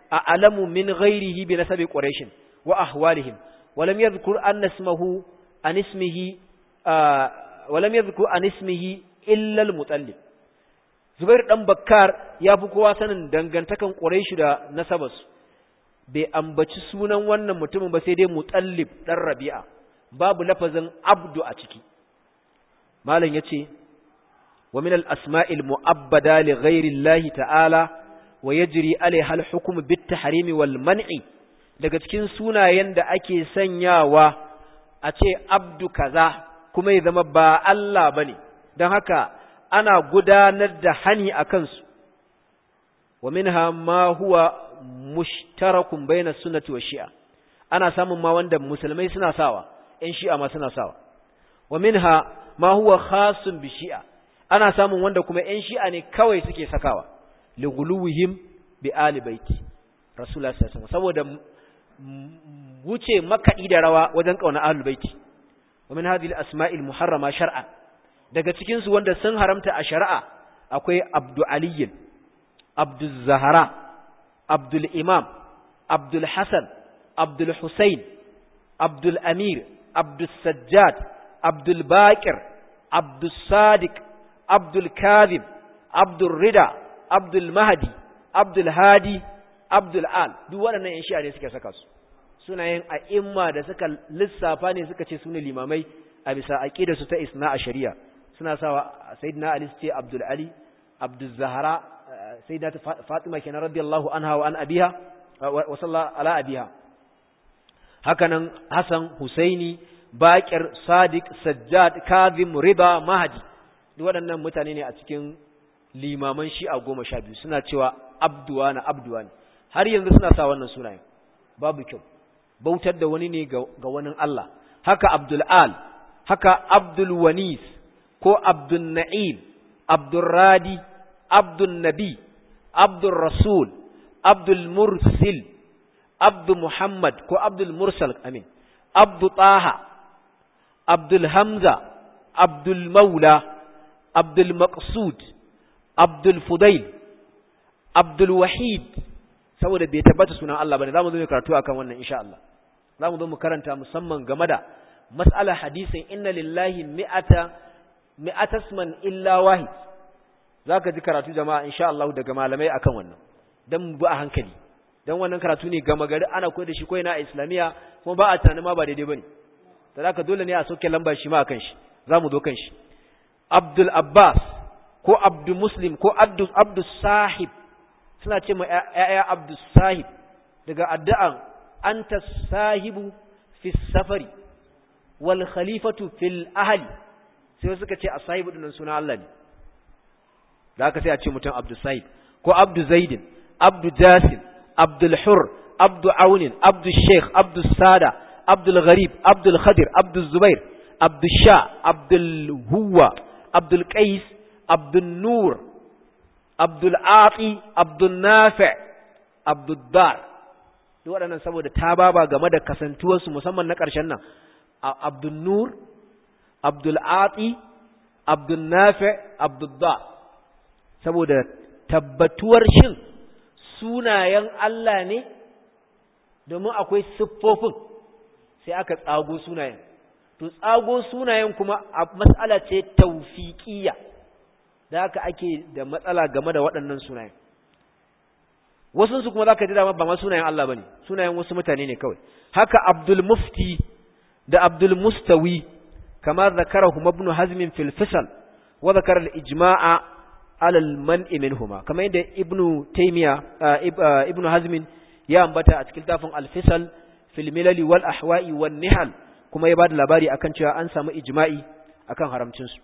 a'lamu min ghairihi bi nasabi quraish wa ahwalihim wa lam yadhkur anna an ismihi wa mutallib zubair dan bakkar ya fi kowa sanin dangantakan quraish da nasabarsu bai ambaci sunan wannan mutumin ba sai dai mutallib dan rabi'a babu lafazin abdu a ciki malam yace wa min al-asma'il mu'abbada li ghairi Allah ta'ala wa yajri alaiha al-hukm bit-tahrim wal-man'i daga cikin sunayen da ake sanyawa a ce abdu kaza kuma ya zama ba Allah bane Dan haka ana gudanar da hani a kansu wa minha ma huwa mushtarakun bayna sunnati wa shi'a ana samun ma wanda musulmai suna sawa ƴan shi'a ma suna sawa wa minha ma huwa khasun bi shi'a ana samun wanda kuma ƴan shi'a ne kawai suke sakawa li guluwihim bi ali baiti rasulullahi sallallahu alaihi saboda wuce makadi da rawa wajen kauna ahlul baiti wa min hadhihi al-asma'il muharrama shar'an daga cikin su wanda sun haramta a shari'a akwai abdu aliyin abdul zahara abdul imam abdul hasan abdul husain abdul amir abdul sajjad abdul baqir abdulsadiq abdulkazim abdulrida abdulmahadi abdulhadi abdul'al duk waɗannan 'yan shi'a ne suke saka su sunayen a'imma da suka lissafa ne suka ce su limamai a bisa aƙida su ta isna a shari'a suna sawa sayyidina ali su ce abdul ali abdul zahara eh, sayyidina fatima kenan radiyallahu anha wa an abiha wa ala abiha hakanan Hassan, husaini baƙir sadiq sajjad kazim riba mahadi waɗannan mutane ne a cikin limaman shi'a goma sha biyu suna cewa abduwa na abduwa ne har yanzu suna sa wannan sunayen babu kyau bautar da wani ne ga wani Allah haka abdul al haka abdul ko abdul abdulradi abdul abdulrasul abdul nabi abdul rasul abdul mursil abdul ko abdul amin abdul taha Abdul Hamza, Abdul Maula, Abdul Maqsud, Abdul Fudail, Abdul Wahid, saboda bai tabbata sunan Allah bane zamu zo mu karatu akan wannan insha Allah. mu zo mu karanta musamman game da matsala hadisin inna lillahi mi'ata mi'atasman illa wahid. ka ji karatu jama'a insha Allah daga malamai akan wannan. Dan bu a hankali. don wannan karatu ne gama gari ana koyar da shi koyana a islamiyya kuma ba a tunanin ma ba daidai ne. da aka dole ne a soke lamba shi ma kan shi zamu zo kan shi Abdul Abbas ko Abdul Muslim ko Abdul Sahib suna ce ma ya'ya Abdul Sahib daga addu'an ta sahibu fi safari wal khalifatu fil sai suka ce sahibu dinnan suna Allah ne da haka sai a ce mutum Abdul Sahib ko Abdul Zaidin Abdul Jasim Abdul Hur Abdul Aunin Abdul Sheikh Abdul Sada Abdul Gharib Abdul Khadir Abdul Zubair Abdul Sha Abdul Huwa Abdul Qais Abdul Nur Abdul Ati Abdul Nafi Abdul Dar duk waɗannan saboda ta baba game da kasantuwarsu musamman na ƙarshen nan Abdul Nur Abdul Ati Abdul Nafi Abdul Dar saboda tabbatuwar shin sunayen Allah ne domin akwai siffofin sai aka tsago sunayen to tsago sunayen kuma a matsala ce taufiƙiya da haka ake da matsala game da waɗannan sunayen wasunsu kuma za ka ji dama ba ma sunayen Allah ba ne sunayen wasu mutane ne kawai haka abdul mufti da abdul mustawi kamar zakarahum ibn hazm fil fisal wa zakar al ijma'a ala al man'i minhuma kamar yadda ibnu taymiya eh, eh, ibn hazm ya ambata a cikin tafin al fisal fil wal ahwa'i wan nihal kuma ya bada labari akan cewa an samu ijma'i akan haramcin su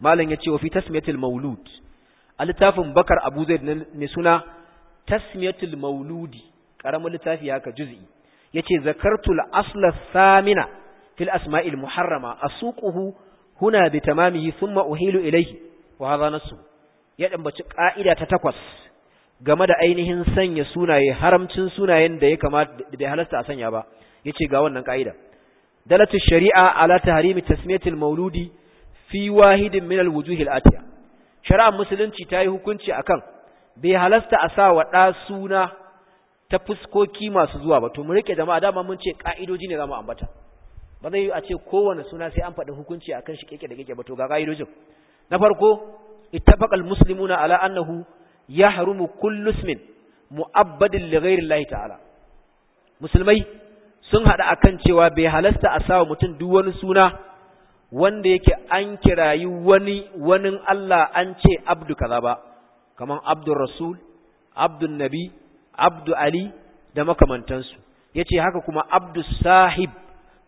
malam ce wa fi tasmiyatil maulud littafin bakar abu zaid ne suna tasmiyatul mauludi karamin littafi haka juz'i yace zakartul asla Samina fil asma'il muharrama asuquhu huna bi tamamihi thumma uhilu ilayhi wa hadha nasu ya dambaci ka'ida ta takwas game da ainihin sanya sunaye haramcin sunayen da ya kamata da bai halasta a sanya ba yace ga wannan kaida dalatu shari'a ala tahrimi tasmiyatil mauludi fi wahidin min alwujuh atiya shari'a musulunci ta yi hukunci akan bai halasta a sa wa da suna ta fuskoki masu zuwa ba to mu rike jama'a dama mun ce kaidoji ne zamu ambata ba zai a ce kowane suna sai an faɗi hukunci akan shi keke da keke ba to ga kaidojin na farko ittafaqal muslimuna ala annahu yahrumu kullu kullusmin mu'abbadin li ghairi ta'ala musulmai sun a akan cewa bai halasta a sawa mutum duk wani suna wanda yake an kirayi wani wani Allah an ce abdu kaza ba kaman abdur rasul abdun nabi abdu ali da makamantansu yace haka kuma abdu sahib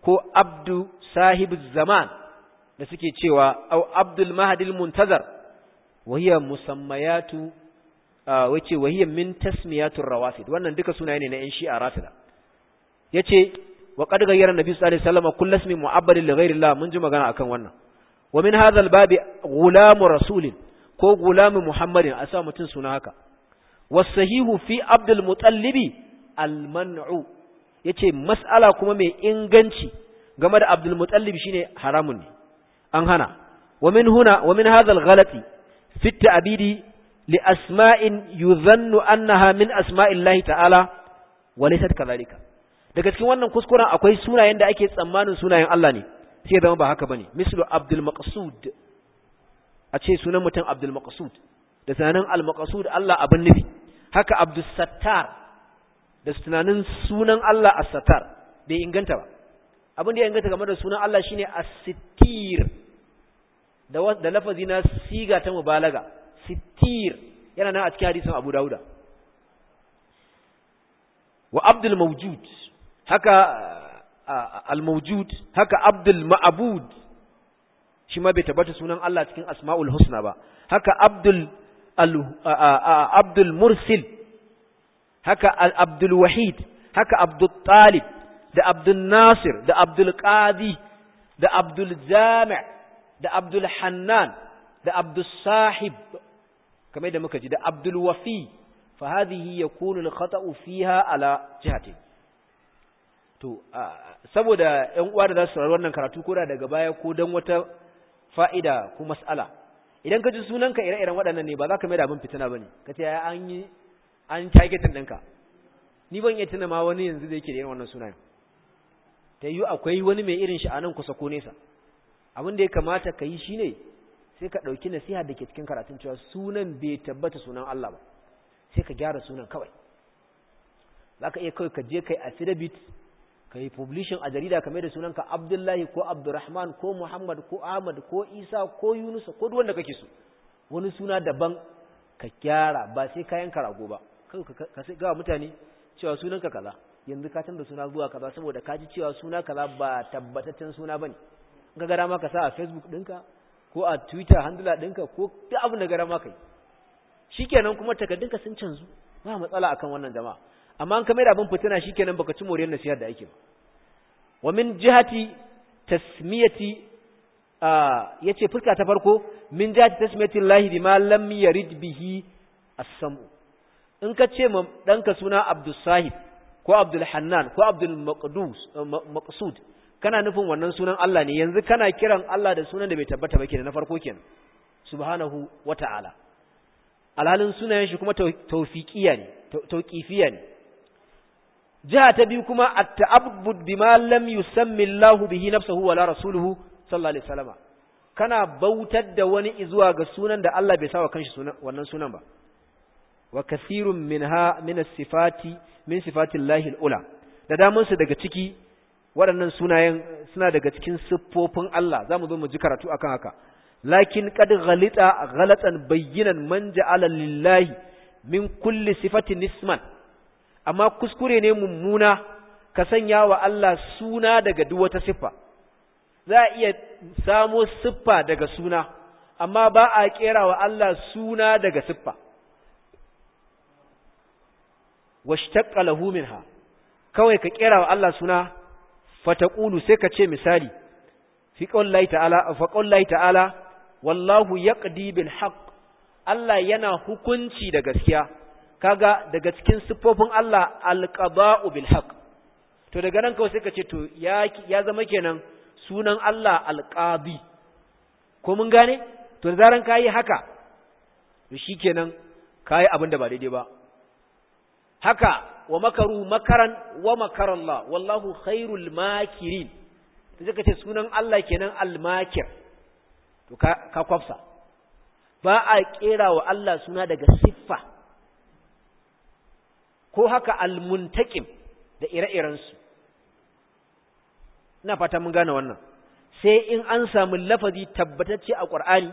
ko abdu sahib zaman da suke cewa au abdul mahdi muntazar wa hiya musammayatu wace wahiyya min tasmiyatur rawafid wannan duka sunaye ne na yan shi'a rafida yace wa qad ghayyara nabi sallallahu alaihi wasallam kullu ismin mu'abbadin li ghayrillah mun ji magana akan wannan wa min hadha babi gulamu rasulin ko gulamu muhammadin a sa mutun suna haka wasahihu fi abdul mutallibi al yace mas'ala kuma mai inganci game da abdul mutallib shine haramun ne an hana wa min huna wa min hadha fi ta'bidi li'asma'in yuzannu annaha min asma'illahi ta'ala wa laysat kadhalika daga cikin wannan kuskuren akwai sunayen da ake tsammanin sunayen Allah ne sai ya zama ba haka bane mislu abdul maqsud a ce sunan mutum abdul maqsud da tunanin al maqsud Allah abin nufi haka abdus sattar da tunanin sunan Allah as sattar bai inganta ba abin da ya inganta game da sunan Allah shine as sittir da da lafazi na siga ta mubalaga ستير يلا نأت كهديث أبو داود وعبد الموجود هكا آه، آه، الموجود هكا عبد المعبود شما بيتبات سنان الله تكين أسماء الحسنى هكا عبد آه، عبد المرسل هكا عبد الوحيد هكا عبد الطالب ده عبد الناصر ده عبد القاضي ده عبد الجامع ده عبد الحنان ده عبد الصاحب kamar da muka ji da abdul wafi fa hadhihi yakunu al-khata'u fiha ala jihati to saboda ƴan uwa da za su wannan karatu ko da daga baya ko dan wata fa'ida ko mas'ala idan ka ji sunanka ire-iren waɗannan ne ba za ka mai da abin fitina bane ka ce an yi an targetin ɗinka ni ban iya tuna ma wani yanzu da yake da irin wannan sunayen ta yi akwai wani mai irin shi a nan kusa ko nesa abin da ya kamata ka yi shine sai ka ɗauki nasiha da ke cikin karatun cewa sunan bai tabbata sunan Allah ba sai ka gyara sunan kawai za ka iya kawai ka je kai asidabit ka yi publishin a jarida ka mai da sunanka abdullahi ko abdurrahman ko muhammad ko ahmad ko isa ko yunusa ko duwanda kake so wani suna daban ka gyara ba sai kayan karago ba ka sai gawa mutane cewa sunanka kaza yanzu ka canza suna zuwa kaza saboda ka ji cewa suna kaza ba tabbataccen suna bane ka ga dama ka sa a facebook ɗinka ko a twitter handle ɗinka ko duk abu da gara ma kai shikenan kuma takardunka sun canzu ba matsala akan wannan jama'a amma an kamar abin fitina shikenan baka ci moriyar nasiyar da ake ba wa min jihati tasmiyati ce fuska ta farko min jihati tasmiyati llahi ma lam yarid bihi as-sam'u in ka ce ma danka suna Abdul Sahib ko Abdul Hannan ko Abdul Maqdus Maqsud kana nufin wannan sunan Allah ne yanzu kana kiran Allah da sunan da bai tabbata ba kenan na farko kenan subhanahu wata'ala alhalin sunayen shi kuma tawfiqiyya ne tawqifiyya ne jiha ta biyu kuma at-ta'abbud bima lam yusammi Allahu bihi nafsuhu wala rasuluhu sallallahu alaihi wasallam kana bautar da wani izuwa ga sunan da Allah bai sawa kanshi sunan wannan sunan ba wa kathirun minha min as-sifati min sifati Allahil ula da damansu daga ciki waɗannan sunayen suna daga cikin siffofin Allah za mu zo mu ji karatu akan haka lakin qad ghalita ghalatan bayyinan man ja'ala lillahi min kulli sifati nisman amma kuskure ne mummuna ka sanya wa Allah suna daga duk wata siffa za a iya samo siffa daga suna amma ba a kera wa Allah suna daga siffa washtaqqa lahu minha kawai ka kera wa Allah suna fataƙulu sai ka ce misali fi Lai ta'ala fa ta'ala wallahu yaqdi bil haƙ. Allah yana hukunci da gaskiya kaga daga cikin siffofin Allah alƙaba'u bil haƙ. to daga nan kawai sai ka ce to ya zama kenan sunan Allah alƙabi. ko mun gane to da zaran yi haka to ka yi abin da ba daidai ba haka wa makaru makaran wa Allah wallahu khairul makirin to sai kace sunan Allah kenan al-makir to ka ka kwafsa ba a kera wa Allah suna daga siffa ko haka al da ire-iren su ina fata mun gane wannan sai in an samu lafazi tabbatacce a Qur'ani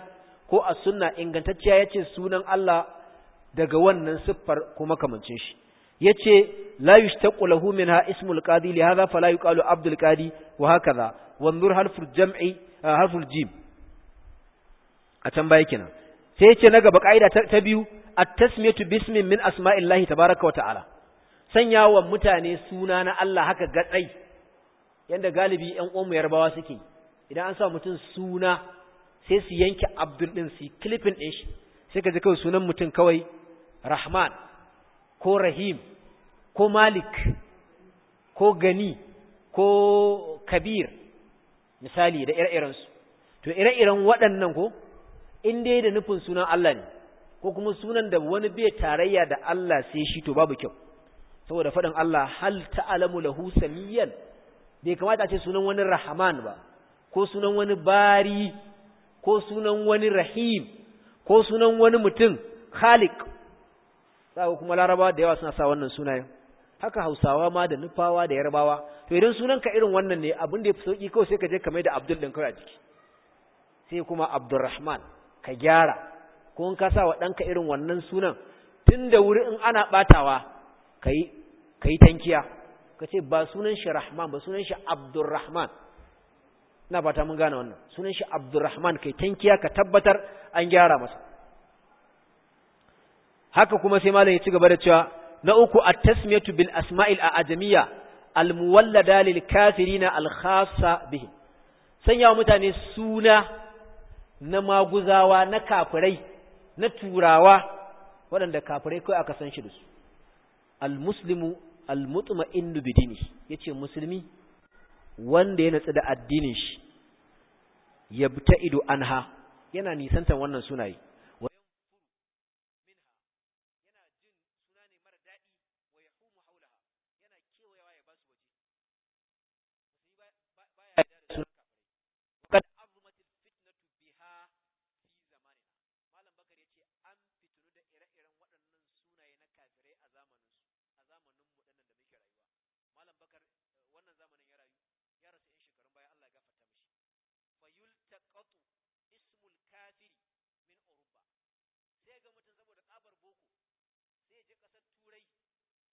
ko a sunna ingantacciya yace sunan Allah daga wannan siffar ko makamancin shi yace la yushtaqu lahu minha ismul qadi li hadha fala yuqalu abdul qadi wa hakaza wanzur harful jam'i ah, harful jim a can kenan sai yace na gaba kaida ta biyu at-tasmiyatu bismin min asma'illahi tabaaraka wa ta'ala sanya wa mutane suna na Allah haka ga gatsai yanda galibi ƴan uwan mu yarbawa suke idan an sa mutum suna sai su yanke abdul din su clipping din shi sai ka ji kawai sunan mutum kawai rahman ko rahim ko malik ko gani ko kabir misali da ire-irensu to ire-iren waɗannan ko in dai da nufin sunan Allah ne ko kuma sunan da wani bai tarayya da Allah sai shi to babu kyau saboda faɗin Allah hal ta'alamu lahu samiyan bai kamata a ce sunan wani rahman ba ko sunan wani bari ko sunan wani rahim ko sunan wani mutum khaliq sai kuma larabawa da yawa suna sa wannan sunayen haka hausawa ma da nufawa da yarbawa to idan sunan ka irin wannan ne abin da ya fi sauki kawai sai ka je ka mai da abdul din kawai a jiki sai kuma abdurrahman ka gyara ko in ka sa wa ɗanka irin wannan sunan tun da wuri in ana ɓatawa ka yi tankiya ka ce ba sunan shi rahman ba sunan shi abdurrahman na ba ta mun gane wannan sunan shi abdurrahman ka yi tankiya ka tabbatar an gyara masa haka kuma sai malam ya ci gaba da cewa na uku at-tasmiyatu bil asma'il a'jamiyya al-muwallada lil kafirina al-khassa bihim sanya mutane suna na maguzawa na kafirai na turawa waɗanda kafirai kai aka san shi da su al-muslimu al-mutma'innu bi dinihi yace musulmi wanda ya natsu da addinin shi yabta'idu anha yana nisantar wannan sunaye yuttaqatu ismul kafiri min urba sai ga mutum saboda tsabar boko sai je kasar turai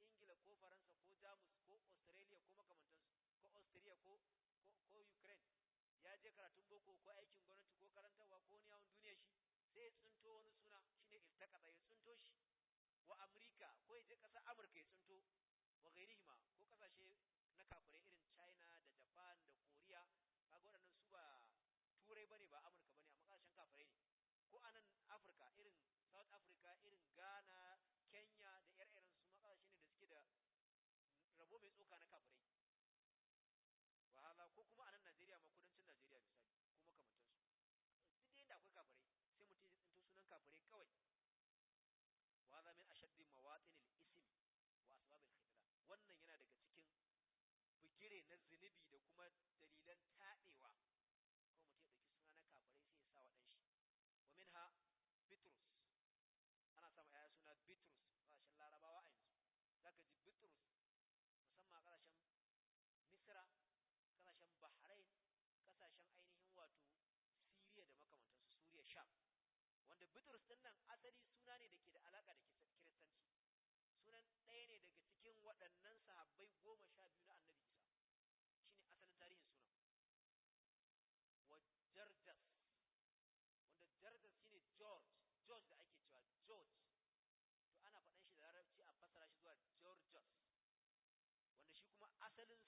ingila ko faransa ko jamus ko australia ko makamantansu ko austria ko ko ukraine ya je karatun boko ko aikin gwamnati ko karantarwa ko wani yawon duniya shi sai ya tsinto wani suna shine iltakata ya tsinto shi wa amurka ko ya je kasar amurka ya tsinto wa gairihima ko kasashe na kafirai rabo mai tsoka na kafirai wahala ko kuma a nan Najeriya ma kudancin Najeriya misali ko makamantansu duk da yanda akwai kafirai sai mutum ya tsinto sunan kafirai kawai wa za min ashaddi mawatin isim wa asbab wannan yana daga cikin bigire na zunubi da kuma dalilan tadewa ko mutum ya dauki suna na kafirai sai ya sa wa dan shi wa minha bitrus ana sa ma yaya suna bitrus rashin larabawa a yanzu zaka ji bitrus bitrus din nan asali suna ne da ke da alaka da kiristanci sunan ɗaya ne daga cikin waɗannan sahabbai goma sha biyu na annabi isa ne asalin tarihin sunan wa jardas wanda jardas shine george george da ake cewa george to ana faɗan shi da larabci a fassara shi zuwa georgios wanda shi kuma asalin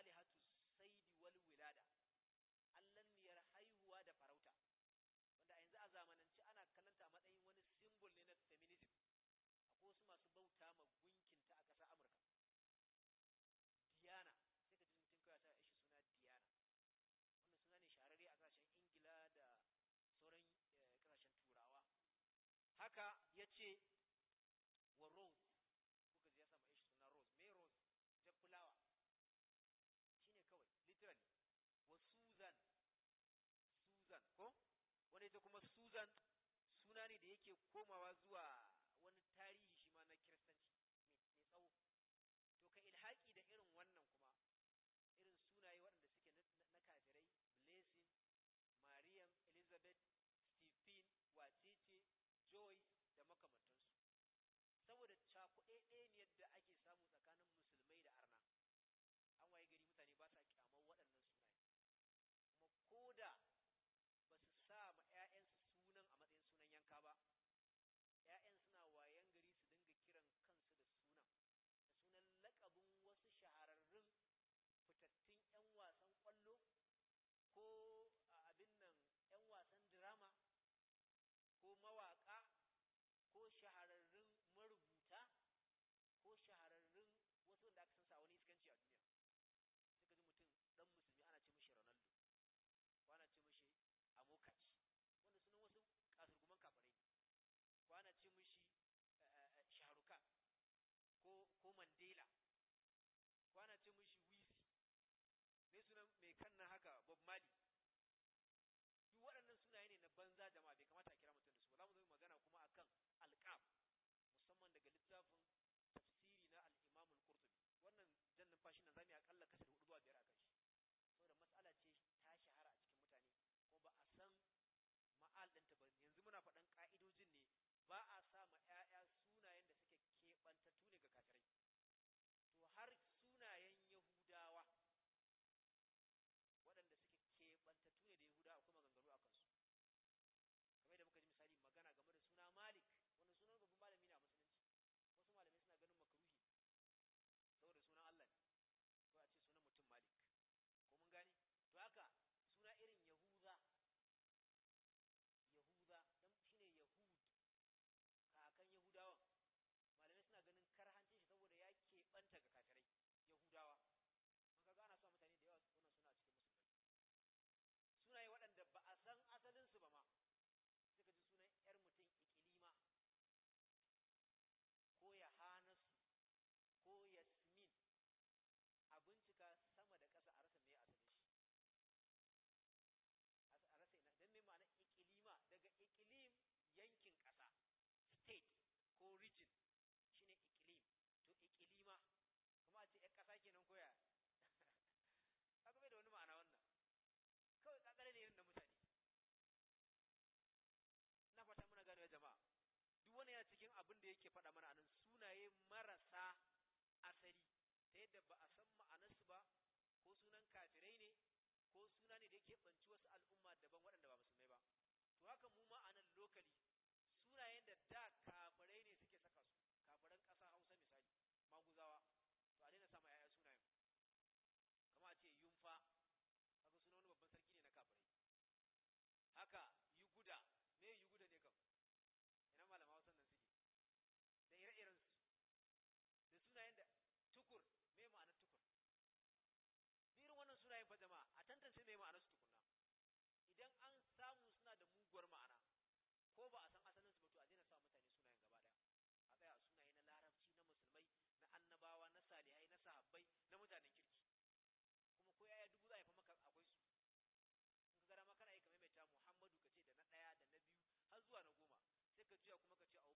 alihatu saidi wal wilada allaniyar haihuwa da farauta wanda a yanzu a zamanance ana kallanta a matsayin wani simbol ne na feminism akwai wasu masu bauta ma gunkinta a ƙasar amurka diana sai ka ji mutum kawai ta ishi suna diana wannan suna ne shararre a ƙasashen ingila da sauran eh, ƙasashen turawa haka ya ce ko wanda ita kuma Susan suna ne da yake komawa zuwa wani tarihi shi ma na kiristanci mai tsawo to ka ilhaki da irin wannan kuma irin sunaye waɗanda suke na kafirai blessing mariam elizabeth stephen wacece joy da makamantansu saboda cakuɗe ɗaya ne yadda ake samu ko mandela kafirai ne ko suna ne da yake banci wasu al'umma daban waɗanda ba musulmai ba to haka mu ma a nan lokali sunayen da da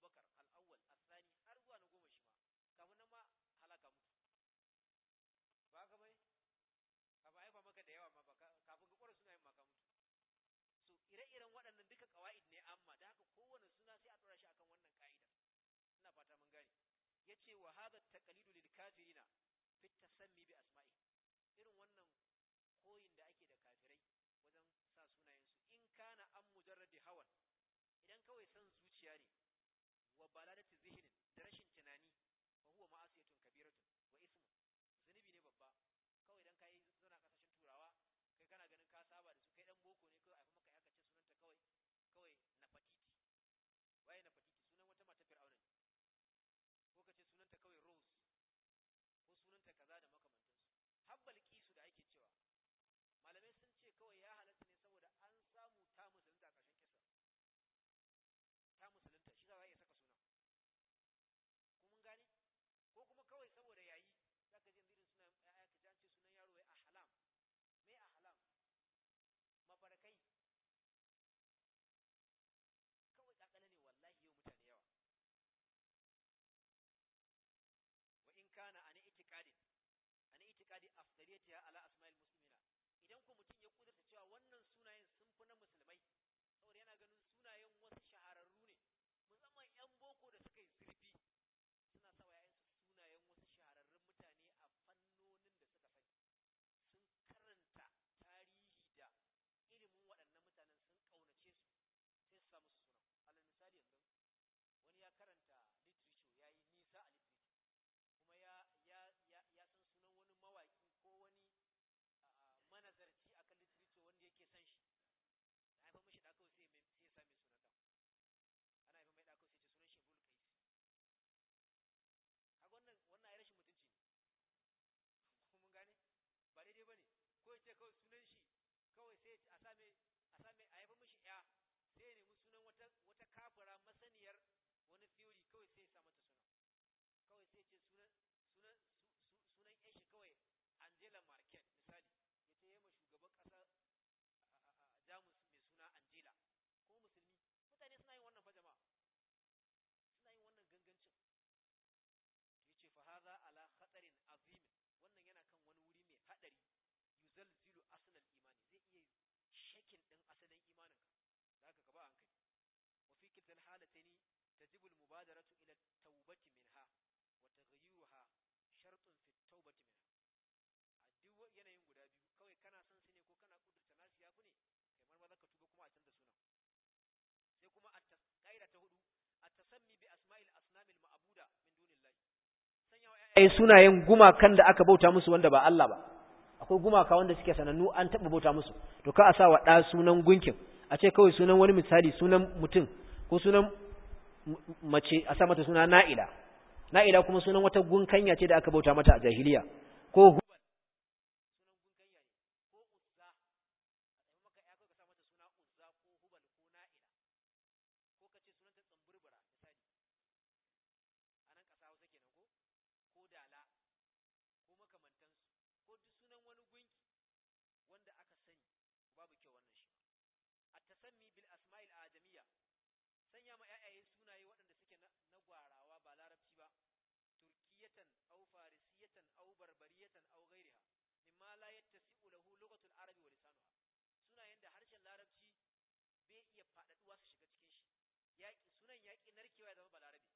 kuma ka ce abubakar al'awwal asani har zuwa na goma shi ma kafin nan ma halaka mutu ba ka mai kafin haifa maka da yawa ma ba kafin ka kwara suna yin maka mutu so ire-iren waɗannan duka ƙawa'id ne amma da haka kowane suna sai a ɗora shi akan wannan ka'ida ina fata mun gane ce wa hadha taqlidu lil kafirina fi tasammi bi asma'i irin wannan koyin da ake വളരെ baitiha ala asma'il muslimina idan ko mutum ya kudurta cewa wannan sunayen sun fi na musulmai saboda yana ganin sunayen wasu shahararru ne musamman yan boko da suka yi zurfi suna sa yayansu sunayen wasu shahararrun mutane a fannonin da suka sani sun karanta tarihi da ilimin waɗannan mutanen sun ƙaunace su sai su samu su suna alal misali yanzu wani ya karanta sai a same a same a yafi mishi ya sai ne sunan wata kafara masaniyar tawbati minha wa taghayyuruha shartun fi tawbati minha a duk yanayin guda biyu kawai kana son su ne ko kana kudurta nasu yafi ne kai marma zaka tuba kuma a canza sunan sai kuma a kaida ta hudu a tasammi bi asma'il asnamil ma'buda min dunillahi sanya wa sunayen gumakan da aka bauta musu wanda ba Allah ba akwai gumaka wanda suke sanannu an taba bauta musu to ka a sa wa da sunan gunkin a ce kawai sunan wani misali sunan mutum ko sunan mace a sa mata suna na'ila na'ila kuma sunan wata gunkanya ce da aka bauta mata a jahiliya ko faɗaɗuwa su shiga cikin shi yaƙi sunan yaƙi narkewa ya zama balarabe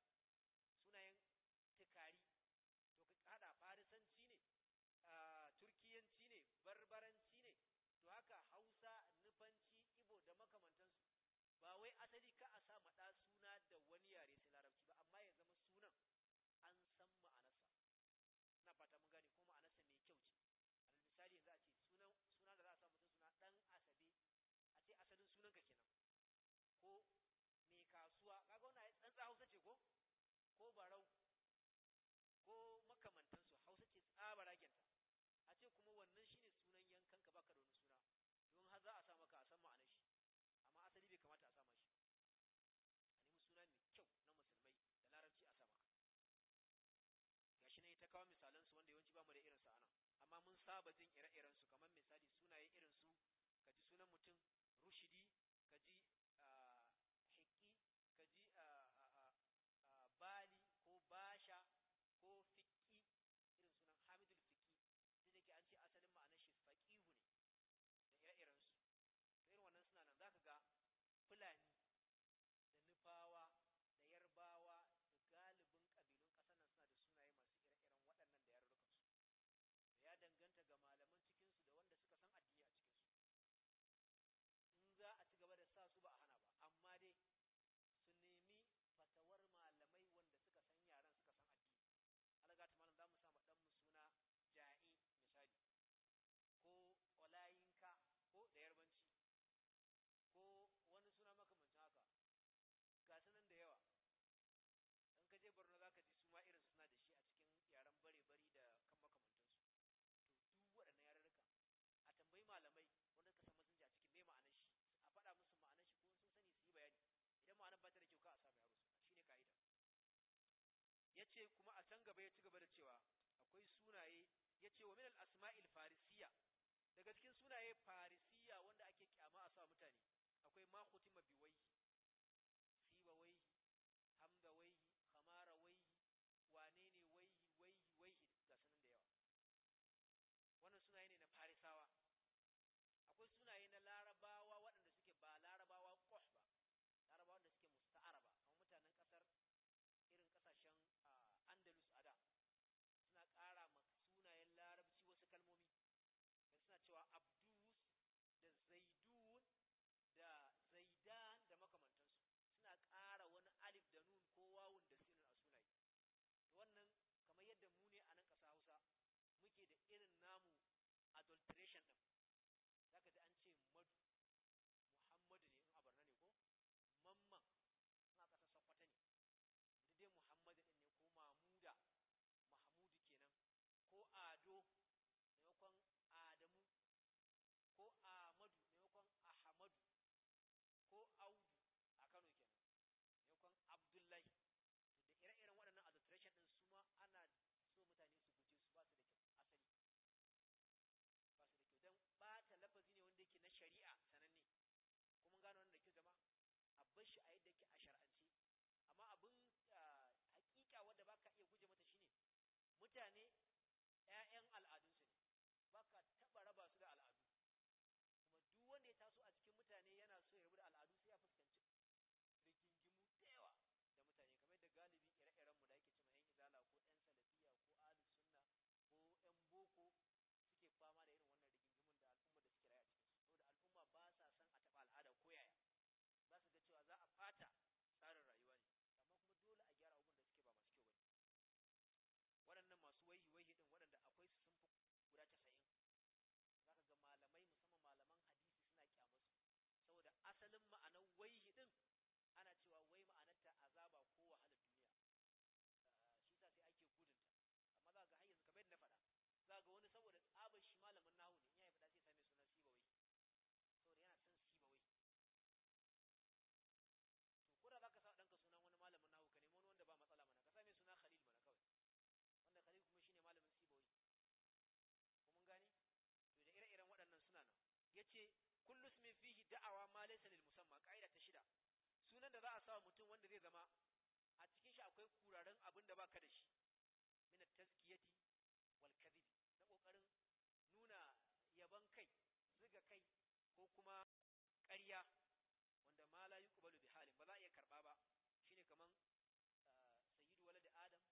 barau ko makamantansu hausa ce tsabara kyanta a ce kuma wannan shine sunan yankan ka baka da wani suna don har za a sa maka a san ma'anar shi amma asali bai kamata a sa shi a nemi suna mai kyau na musulmai da larabci a sama gashi ne ta kawo misalan su wanda yawanci bamu da irin sa anan amma mun saba jin ire-iren su kuma a can gaba ya ci gaba da cewa akwai sunaye ya ce wa minal asma'il farisiya daga cikin sunaye farisiyya wanda ake kyama a sa mutane akwai ma mabiwai Mutane وسلم akwai kuraren abin da baka da shi min taskiyati wal kadhib na kokarin nuna yaban kai ziga kai ko kuma ƙarya wanda ma la yuqbalu bi halin ba za a iya karba ba shine kaman ah, sayyidu walad adam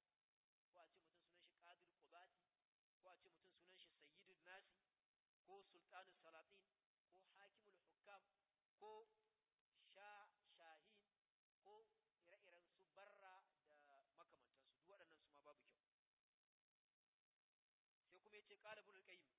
ko a ce mutum sunan shi qadir qubati ko a ce mutum sunan shi sayyidun nasi ko sultanus salatin ko hakimul hukam ko qala ibn al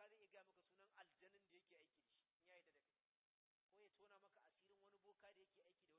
ka zai iya gaya maka sunan aljanin da yake aiki da shi in ya yarda da kai ko ya tona maka asirin wani boka da yake aiki da wani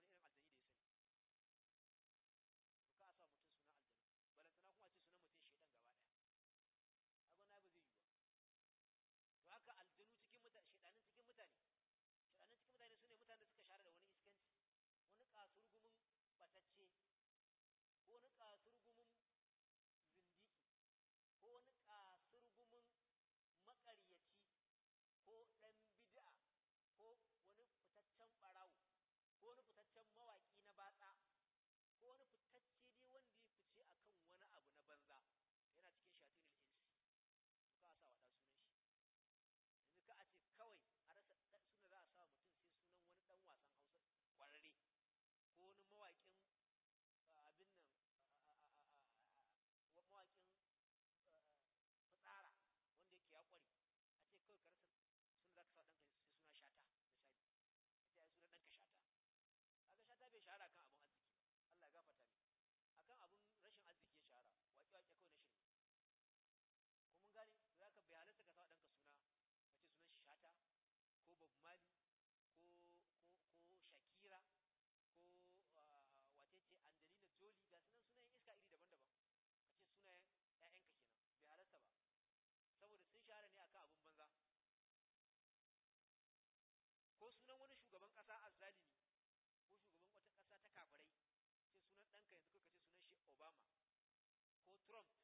Trump ko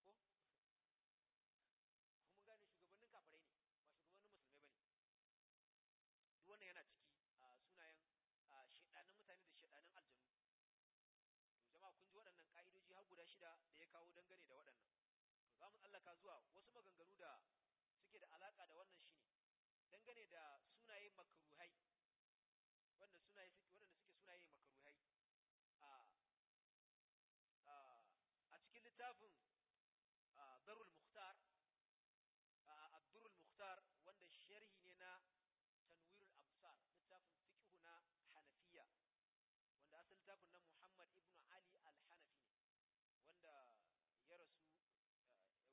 kuma gane shugabannin kafirai ne ba shugabannin musulmai bane duk wannan yana ciki a sunayen shedanin mutane da shedanin aljanu to jama'a kun ji waɗannan ka'idoji har guda shida da ya kawo dangane da waɗannan to za mu tsallaka zuwa wasu maganganu da suke da alaka da wannan shine dangane da sunaye makruhai littafin na Muhammad ibn Ali al-Hanafi ne wanda ya rasu eh,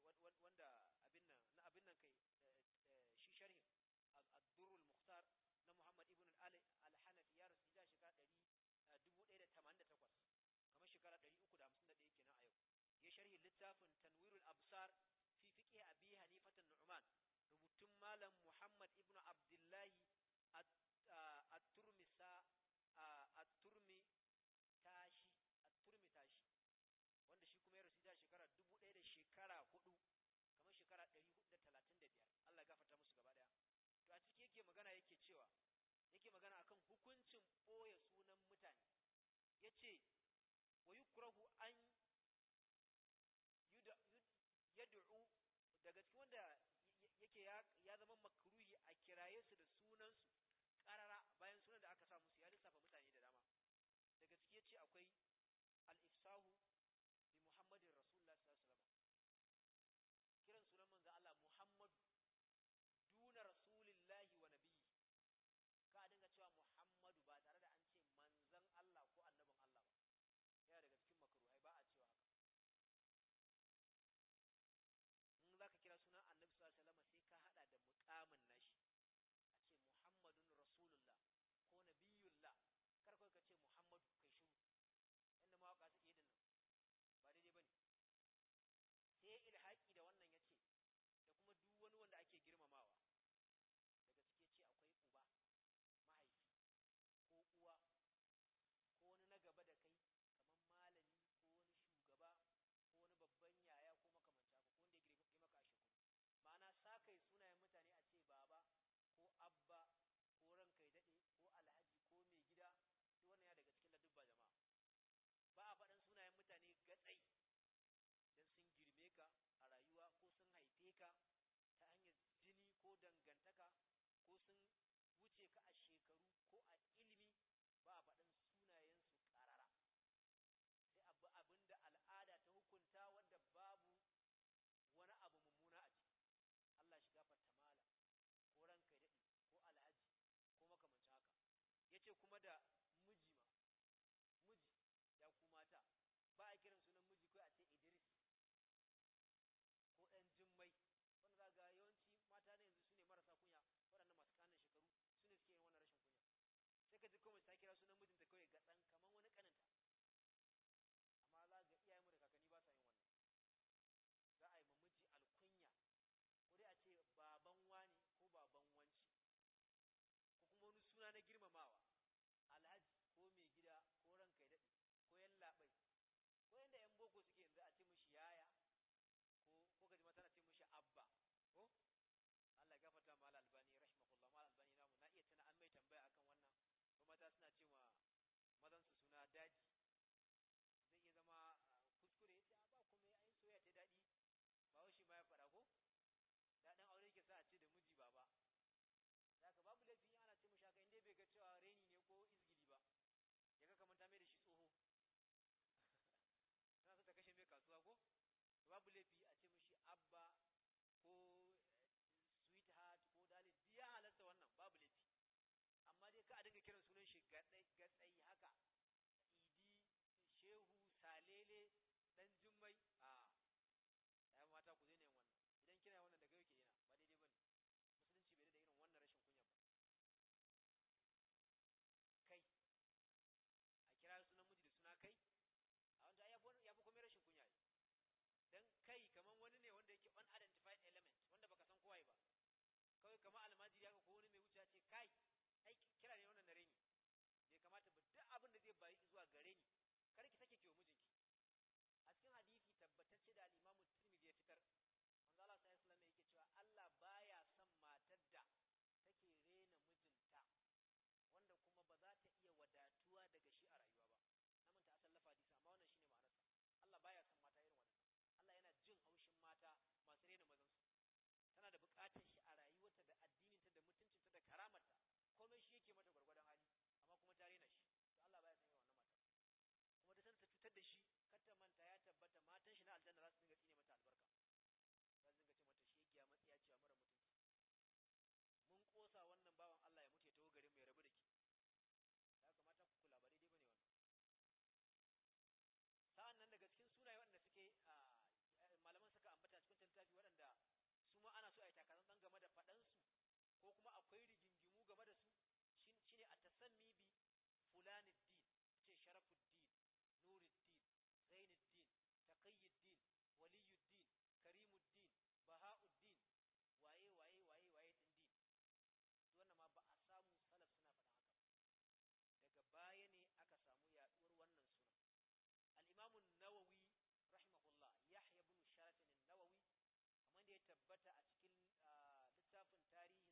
wanda abin nan na abin nan kai eh, eh, shi sharhin ad-durrul mukhtar na Muhammad ibn Ali al-Hanafi ya rasu da shekara 1088 kamar shekara 351 kenan a yau ya sharhi littafin tanwirul absar ɓoye sunan mutane ya ce wa yukrahu an America so suke yanzu a ce mishi yaya ko ko gaji mata ce mishi abba ko Allah ya gafarta mal albani rahimahullah mal albani namu na iya tana an mai tambaya akan wannan ko mata suna cewa mazan su suna daji Baba かい。waɗanda za su dinga tsine mata albarka za su dinga ce mata shegiya matsiya cewa mara mutunci mun ƙosa wannan tabbata a cikin ah, littafin tarihi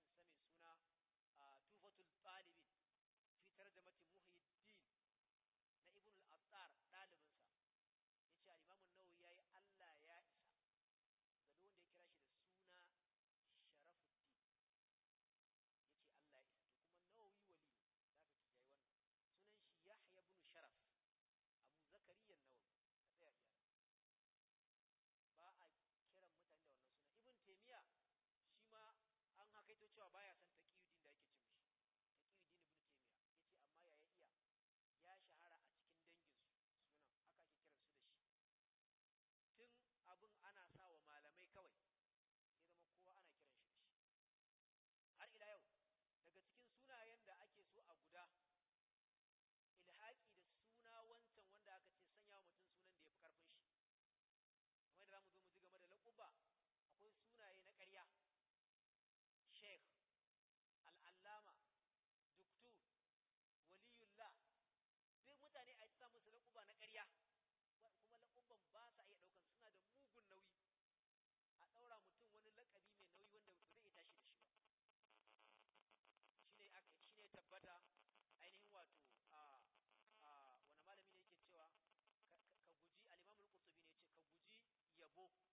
people